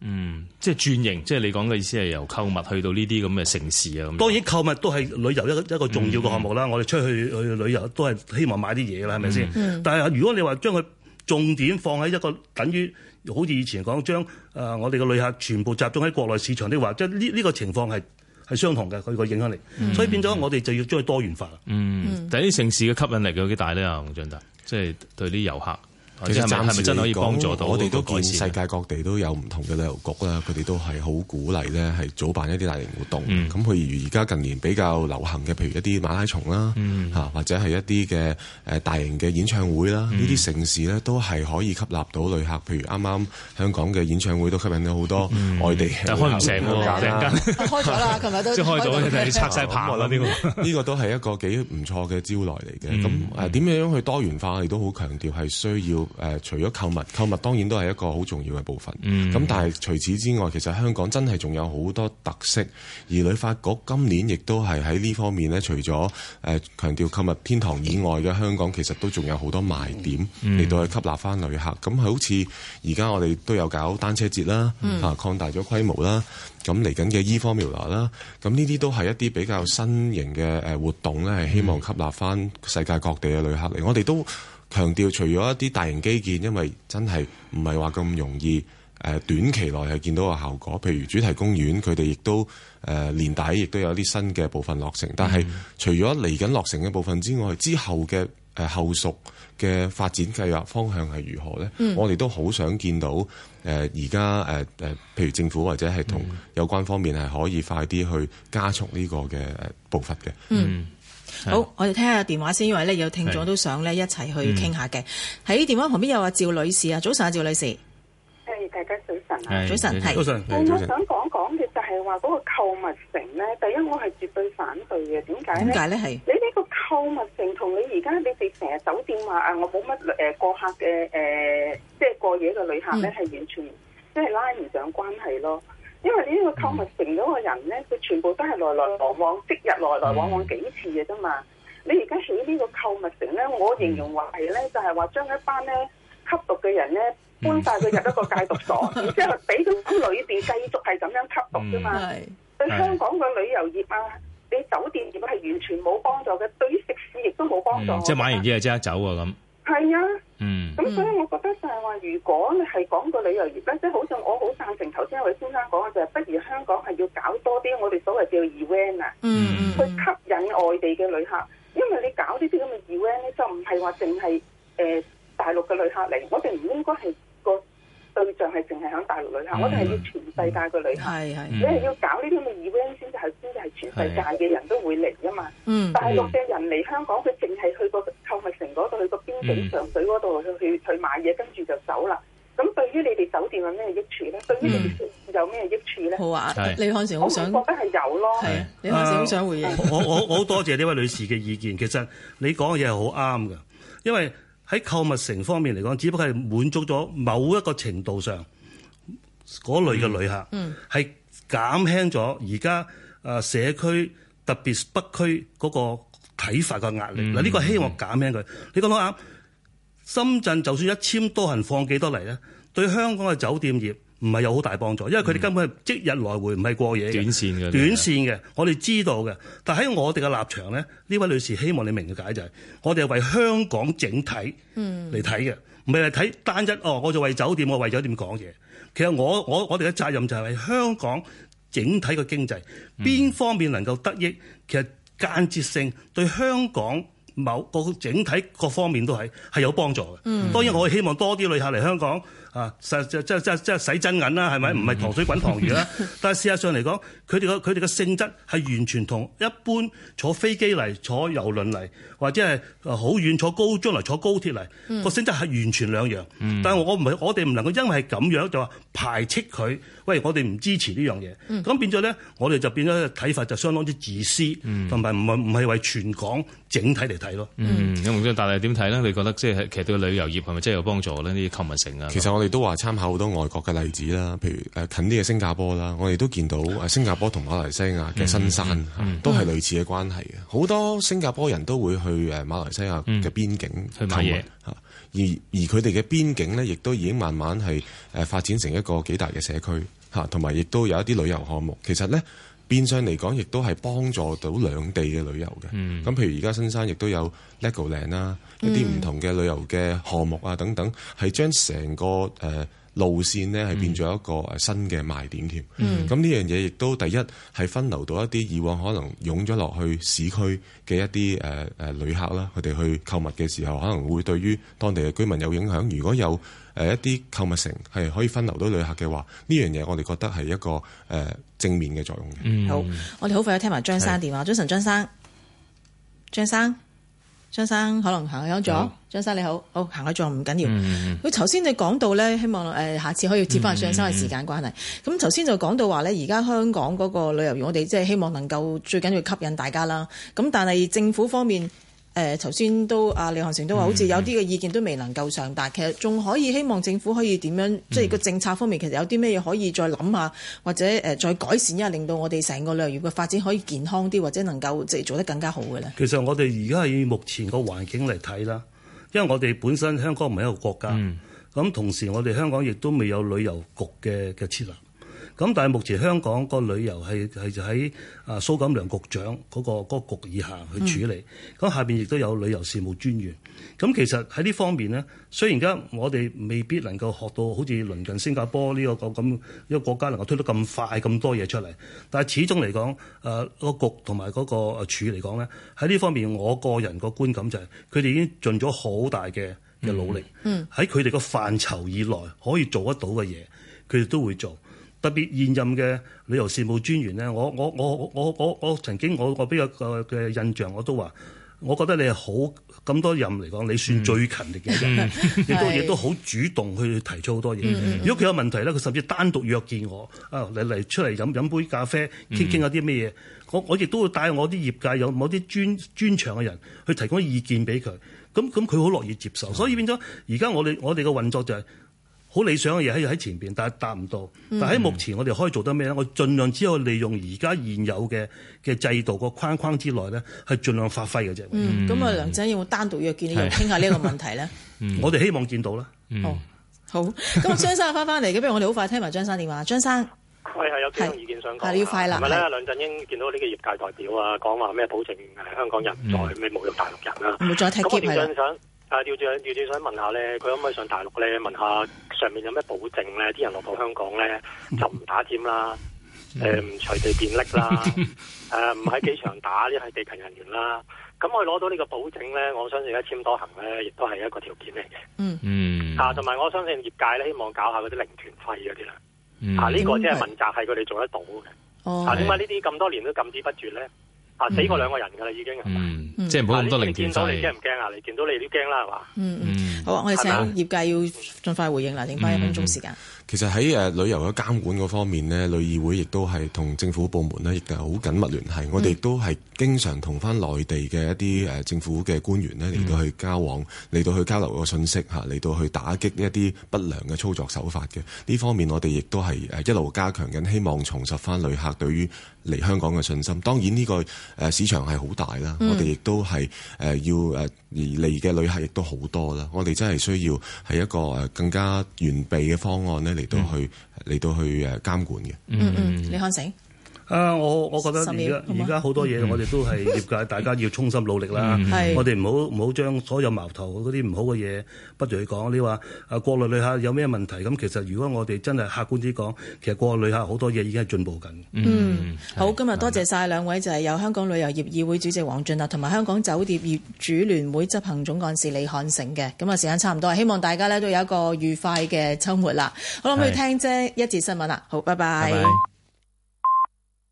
嗯，即係轉型，即係你講嘅意思係由購物去到呢啲咁嘅城市啊。咁當然購物都係旅遊一一個重要嘅項目啦。嗯、我哋出去去旅遊都係希望買啲嘢啦，係咪先？是是嗯、但係如果你話將佢重點放喺一個等於好似以前講，將誒我哋嘅旅客全部集中喺國內市場的話，即係呢呢個情況係係相同嘅佢個影響力。嗯嗯、所以變咗我哋就要將佢多元化。嗯，嗯，但係啲城市嘅吸引力有幾大咧啊？黃進達，即係對啲遊客。其實幫助到？我哋都見世界各地都有唔同嘅旅遊局啦，佢哋都係好鼓勵咧，係組辦一啲大型活動。咁譬如而家近年比較流行嘅，譬如一啲馬拉松啦，嚇或者係一啲嘅誒大型嘅演唱會啦，呢啲城市咧都係可以吸納到旅客。譬如啱啱香港嘅演唱會都吸引到好多外地。就開唔成咯，突然間開咗啦，琴日都即開咗，但係拆晒棚啦。呢個呢個都係一個幾唔錯嘅招來嚟嘅。咁誒點樣去多元化？亦都好強調係需要。誒、呃，除咗購物，購物當然都係一個好重要嘅部分。咁、嗯、但係除此之外，其實香港真係仲有好多特色。而旅、呃、發局今年亦都係喺呢方面咧，除咗誒、呃、強調購物天堂以外嘅香港，其實都仲有好多賣點嚟、嗯、到去吸納翻旅客。咁好似而家我哋都有搞單車節啦，嚇、嗯啊、擴大咗規模啦。咁嚟緊嘅 E-Formula 啦，咁呢啲都係一啲比較新型嘅誒活動咧，係希望吸納翻世界各地嘅旅客嚟。我哋都。強調除咗一啲大型基建，因為真係唔係話咁容易，誒、呃、短期內係見到個效果。譬如主題公園，佢哋亦都誒、呃、年底亦都有啲新嘅部分落成。但係除咗嚟緊落成嘅部分之外，之後嘅誒、呃、後續嘅發展計劃方向係如何呢？嗯、我哋都好想見到誒而家誒誒，譬如政府或者係同有關方面係可以快啲去加速呢個嘅步伐嘅。嗯。嗯。是好，我哋聽下電話先，因為咧有聽眾都想咧一齊去傾下嘅。喺是電話旁邊有阿趙女士啊，早晨啊，趙女士。係、hey, 大家早晨啊，早晨係。早晨。我想講講嘅就係話嗰個購物城咧，第一我係絕對反對嘅，點解咧？點解咧？係你呢個購物城同你而家你哋成日酒店話啊，我冇乜誒過客嘅誒，即係過夜嘅旅客咧，係完全即係拉唔上關係咯。因為呢個購物城嗰個人咧，佢、嗯、全部都係來來往往，即日來來往往幾次嘅啫嘛。嗯、你而家起呢個購物城咧，我形容為咧就係話將一班咧吸毒嘅人咧搬晒佢入一個戒毒所，然之後俾佢喺裏邊繼續係咁樣吸毒啫嘛。嗯、對香港嘅旅遊業啊，你酒店業係完全冇幫助嘅，對於食肆亦都冇幫助、嗯吧嗯。即係買完之後即刻走啊咁。係啊，咁、嗯、所以我覺得就係話，如果你係講個旅遊業咧，即係好似我好贊成頭先一位先生講嘅，就係不如香港係要搞多啲我哋所謂叫 event 啊、嗯，去吸引外地嘅旅客，因為你搞呢啲咁嘅 event 咧，就唔係話淨係誒大陸嘅旅客嚟，我哋唔應該係。對象係淨係響大陸旅行，我哋係要全世界嘅旅行，你係、嗯、要搞呢啲咁嘅 event 先至係先至係全世界嘅人都會嚟噶嘛。嗯是，大陸嘅人嚟香港，佢淨係去個購物城嗰度，去個邊境上、嗯、水上水嗰度去去去買嘢，跟住就走啦。咁對於你哋酒店有咩益處咧？嗯、對於你有咩益處咧？好啊，李漢城，好想我覺得係有咯。係。李漢城，好想回應。我我我好多謝呢位女士嘅意見。其實你講嘅嘢係好啱㗎，因為。喺購物城方面嚟講，只不過係滿足咗某一個程度上嗰、嗯、類嘅旅客，係減輕咗而家誒社區特別北區嗰個睇法嘅壓力。嗱、嗯，呢個希望減輕佢。嗯、你講到啱，深圳就算一簽多行放幾多嚟咧，對香港嘅酒店業，唔係有好大幫助，因為佢哋根本係即日來回，唔係過夜嘅。短線嘅。短線嘅，我哋知道嘅。但喺我哋嘅立場咧，呢位女士希望你明解就係、是，我哋係為香港整體嚟睇嘅，唔係睇單一。哦，我就為酒店，我為酒店講嘢。其實我我我哋嘅責任就係為香港整體嘅經濟邊、嗯、方面能夠得益，其實間接性對香港某個整體各方面都係係有幫助嘅。嗯、當然我係希望多啲旅客嚟香港。啊，實即即即係使真銀啦，係咪？唔係糖水滾湯丸啦。嗯、但係事實上嚟講，佢哋嘅佢哋嘅性質係完全同一般坐飛機嚟、坐遊輪嚟，或者係好遠坐高將來坐高鐵嚟個、嗯、性質係完全兩樣。嗯、但係我唔係我哋唔能夠因為係咁樣就話排斥佢。喂，我哋唔支持、嗯、呢樣嘢。咁變咗咧，我哋就變咗睇法就相當之自私，同埋唔係唔係為全港整體嚟睇咯。嗯，咁但係點睇咧？你覺得即係其實對旅遊業係咪真係有幫助呢？呢啲購物城啊，其實我哋。亦都話參考好多外國嘅例子啦，譬如誒近啲嘅新加坡啦，我哋都見到誒新加坡同馬來西亞嘅新山都係類似嘅關係嘅，好多新加坡人都會去誒馬來西亞嘅邊境、嗯、去買嘢嚇，而而佢哋嘅邊境呢，亦都已經慢慢係誒發展成一個幾大嘅社區嚇，同埋亦都有一啲旅遊項目，其實呢。變相嚟講，亦都係幫助到兩地嘅旅遊嘅。咁、嗯、譬如而家新山亦都有 Legoland 啦，嗯、一啲唔同嘅旅遊嘅項目啊等等，係將成個誒、呃、路線呢係變咗一個誒新嘅賣點添。咁呢、嗯嗯、樣嘢亦都第一係分流到一啲以往可能湧咗落去市區嘅一啲誒誒旅客啦，佢哋去購物嘅時候可能會對於當地嘅居民有影響。如果有誒、呃、一啲購物城係可以分流到旅客嘅話，呢樣嘢我哋覺得係一個誒、呃、正面嘅作用嘅。嗯、好，我哋好快聽埋張生電話，早晨是張生，張生，張生可能行開咗。好張生你好，好行開咗唔緊要。佢頭先你講到咧，希望誒、呃、下次可以接翻上張生嘅時間關係。咁頭先就講到話咧，而家香港嗰個旅遊業，我哋即係希望能夠最緊要吸引大家啦。咁但係政府方面。誒，頭先、呃、都阿李漢城都話，好似有啲嘅意見都未能夠上達，嗯、其實仲可以希望政府可以點樣，嗯、即係個政策方面其實有啲咩嘢可以再諗下，或者誒、呃、再改善一下，令到我哋成個旅遊業嘅發展可以健康啲，或者能夠即係做得更加好嘅咧。其實我哋而家係以目前個環境嚟睇啦，因為我哋本身香港唔係一個國家，咁、嗯、同時我哋香港亦都未有旅遊局嘅嘅設立。咁但係目前香港個旅遊係係喺啊蘇錦良局長嗰個局以下去處理，咁、嗯、下邊亦都有旅遊事務專員。咁其實喺呢方面咧，雖然而家我哋未必能夠學到好似鄰近新加坡呢個咁一個國家能夠推得咁快咁多嘢出嚟，但係始終嚟講，誒個局同埋嗰個處嚟講咧，喺呢方面我個人個觀感就係、是，佢哋已經盡咗好大嘅嘅努力，喺佢哋個範疇以內可以做得到嘅嘢，佢哋都會做。特別現任嘅旅遊事務專員咧，我我我我我我曾經我我比較嘅嘅印象，我都話，我覺得你係好咁多任嚟講，你算最勤力嘅人，亦、嗯嗯、都亦 都好主動去提出好多嘢。嗯、如果佢有問題咧，佢甚至單獨約見我啊嚟嚟出嚟飲飲，飲杯咖啡，傾傾下啲咩嘢。我我亦都會帶我啲業界有某啲專專長嘅人去提供意見俾佢。咁咁佢好樂意接受，所以變咗而家我哋我哋嘅運作就係、係。好理想嘅嘢喺喺前邊，但係達唔到。但喺目前，我哋可以做得咩咧？我儘量只可利用而家現有嘅嘅制度個框框之內咧，係儘量發揮嘅啫。咁啊、嗯，梁振英有冇單獨約見你，又傾下呢一個問題咧？是 我哋希望見到啦。嗯哦、好。咁啊，張生翻翻嚟嘅，不如我哋好快聽埋張生電話。張生，係係 有幾樣意見想講。你要快啦。係啦，梁振英見到呢個業界代表啊，講話咩保證香港人代咩 侮辱大陸人啦。唔好再踢 k 啊！調轉，調轉想問下咧，佢可唔可以上大陸咧？問下上面有咩保證咧？啲人落到香港咧就唔打尖啦，誒唔隨地便溺啦，誒唔喺機場打，呢係地勤人員啦。咁我攞到呢個保證咧，我相信一簽多行咧，亦都係一個條件嚟嘅。嗯嗯。啊，同埋我相信業界咧，希望搞下嗰啲零團費嗰啲啦。嗯、啊，呢、這個即係問責係佢哋做得到嘅。哦。啊，點解呢啲咁多年都禁止不絕咧？啊！死過兩個人噶啦，已經。嗯，係嘛？嗯即係唔好咁多零件、啊、你見到你驚唔驚啊？你見到你都驚啦，係嘛？嗯嗯，嗯好，係嘛？我哋請業界要盡快回應啦，剩翻一分鐘時間。嗯其實喺誒旅遊嘅監管嗰方面咧，旅議會亦都係同政府部門咧，亦都係好緊密聯繫。嗯、我哋都係經常同翻內地嘅一啲誒政府嘅官員咧嚟到去交往，嚟到去交流個信息嚇，嚟到去打擊一啲不良嘅操作手法嘅。呢方面我哋亦都係誒一路加強緊，希望重拾翻旅客對於嚟香港嘅信心。當然呢個誒市場係好大啦、嗯，我哋亦都係誒要誒嚟嘅旅客亦都好多啦。我哋真係需要係一個誒更加完備嘅方案咧。嚟到去嚟、嗯、到去誒監管嘅。嗯嗯，嗯李漢城。啊！我我覺得而家而家好多嘢，我哋都係業界 大家要衷心努力啦。 我哋唔好唔好將所有矛頭嗰啲唔好嘅嘢不如去講。你話啊，國內旅客有咩問題？咁其實如果我哋真係客觀啲講，其實國內旅客好多嘢已經係進步緊。嗯，好，今日多謝晒兩位，就係有香港旅遊業議會主席黃進達，同埋香港酒店業主聯會執行總幹事李漢城嘅。咁啊，時間差唔多，希望大家呢都有一個愉快嘅週末啦。好，我哋是聽即一節新聞啦。好，拜拜。Bye bye.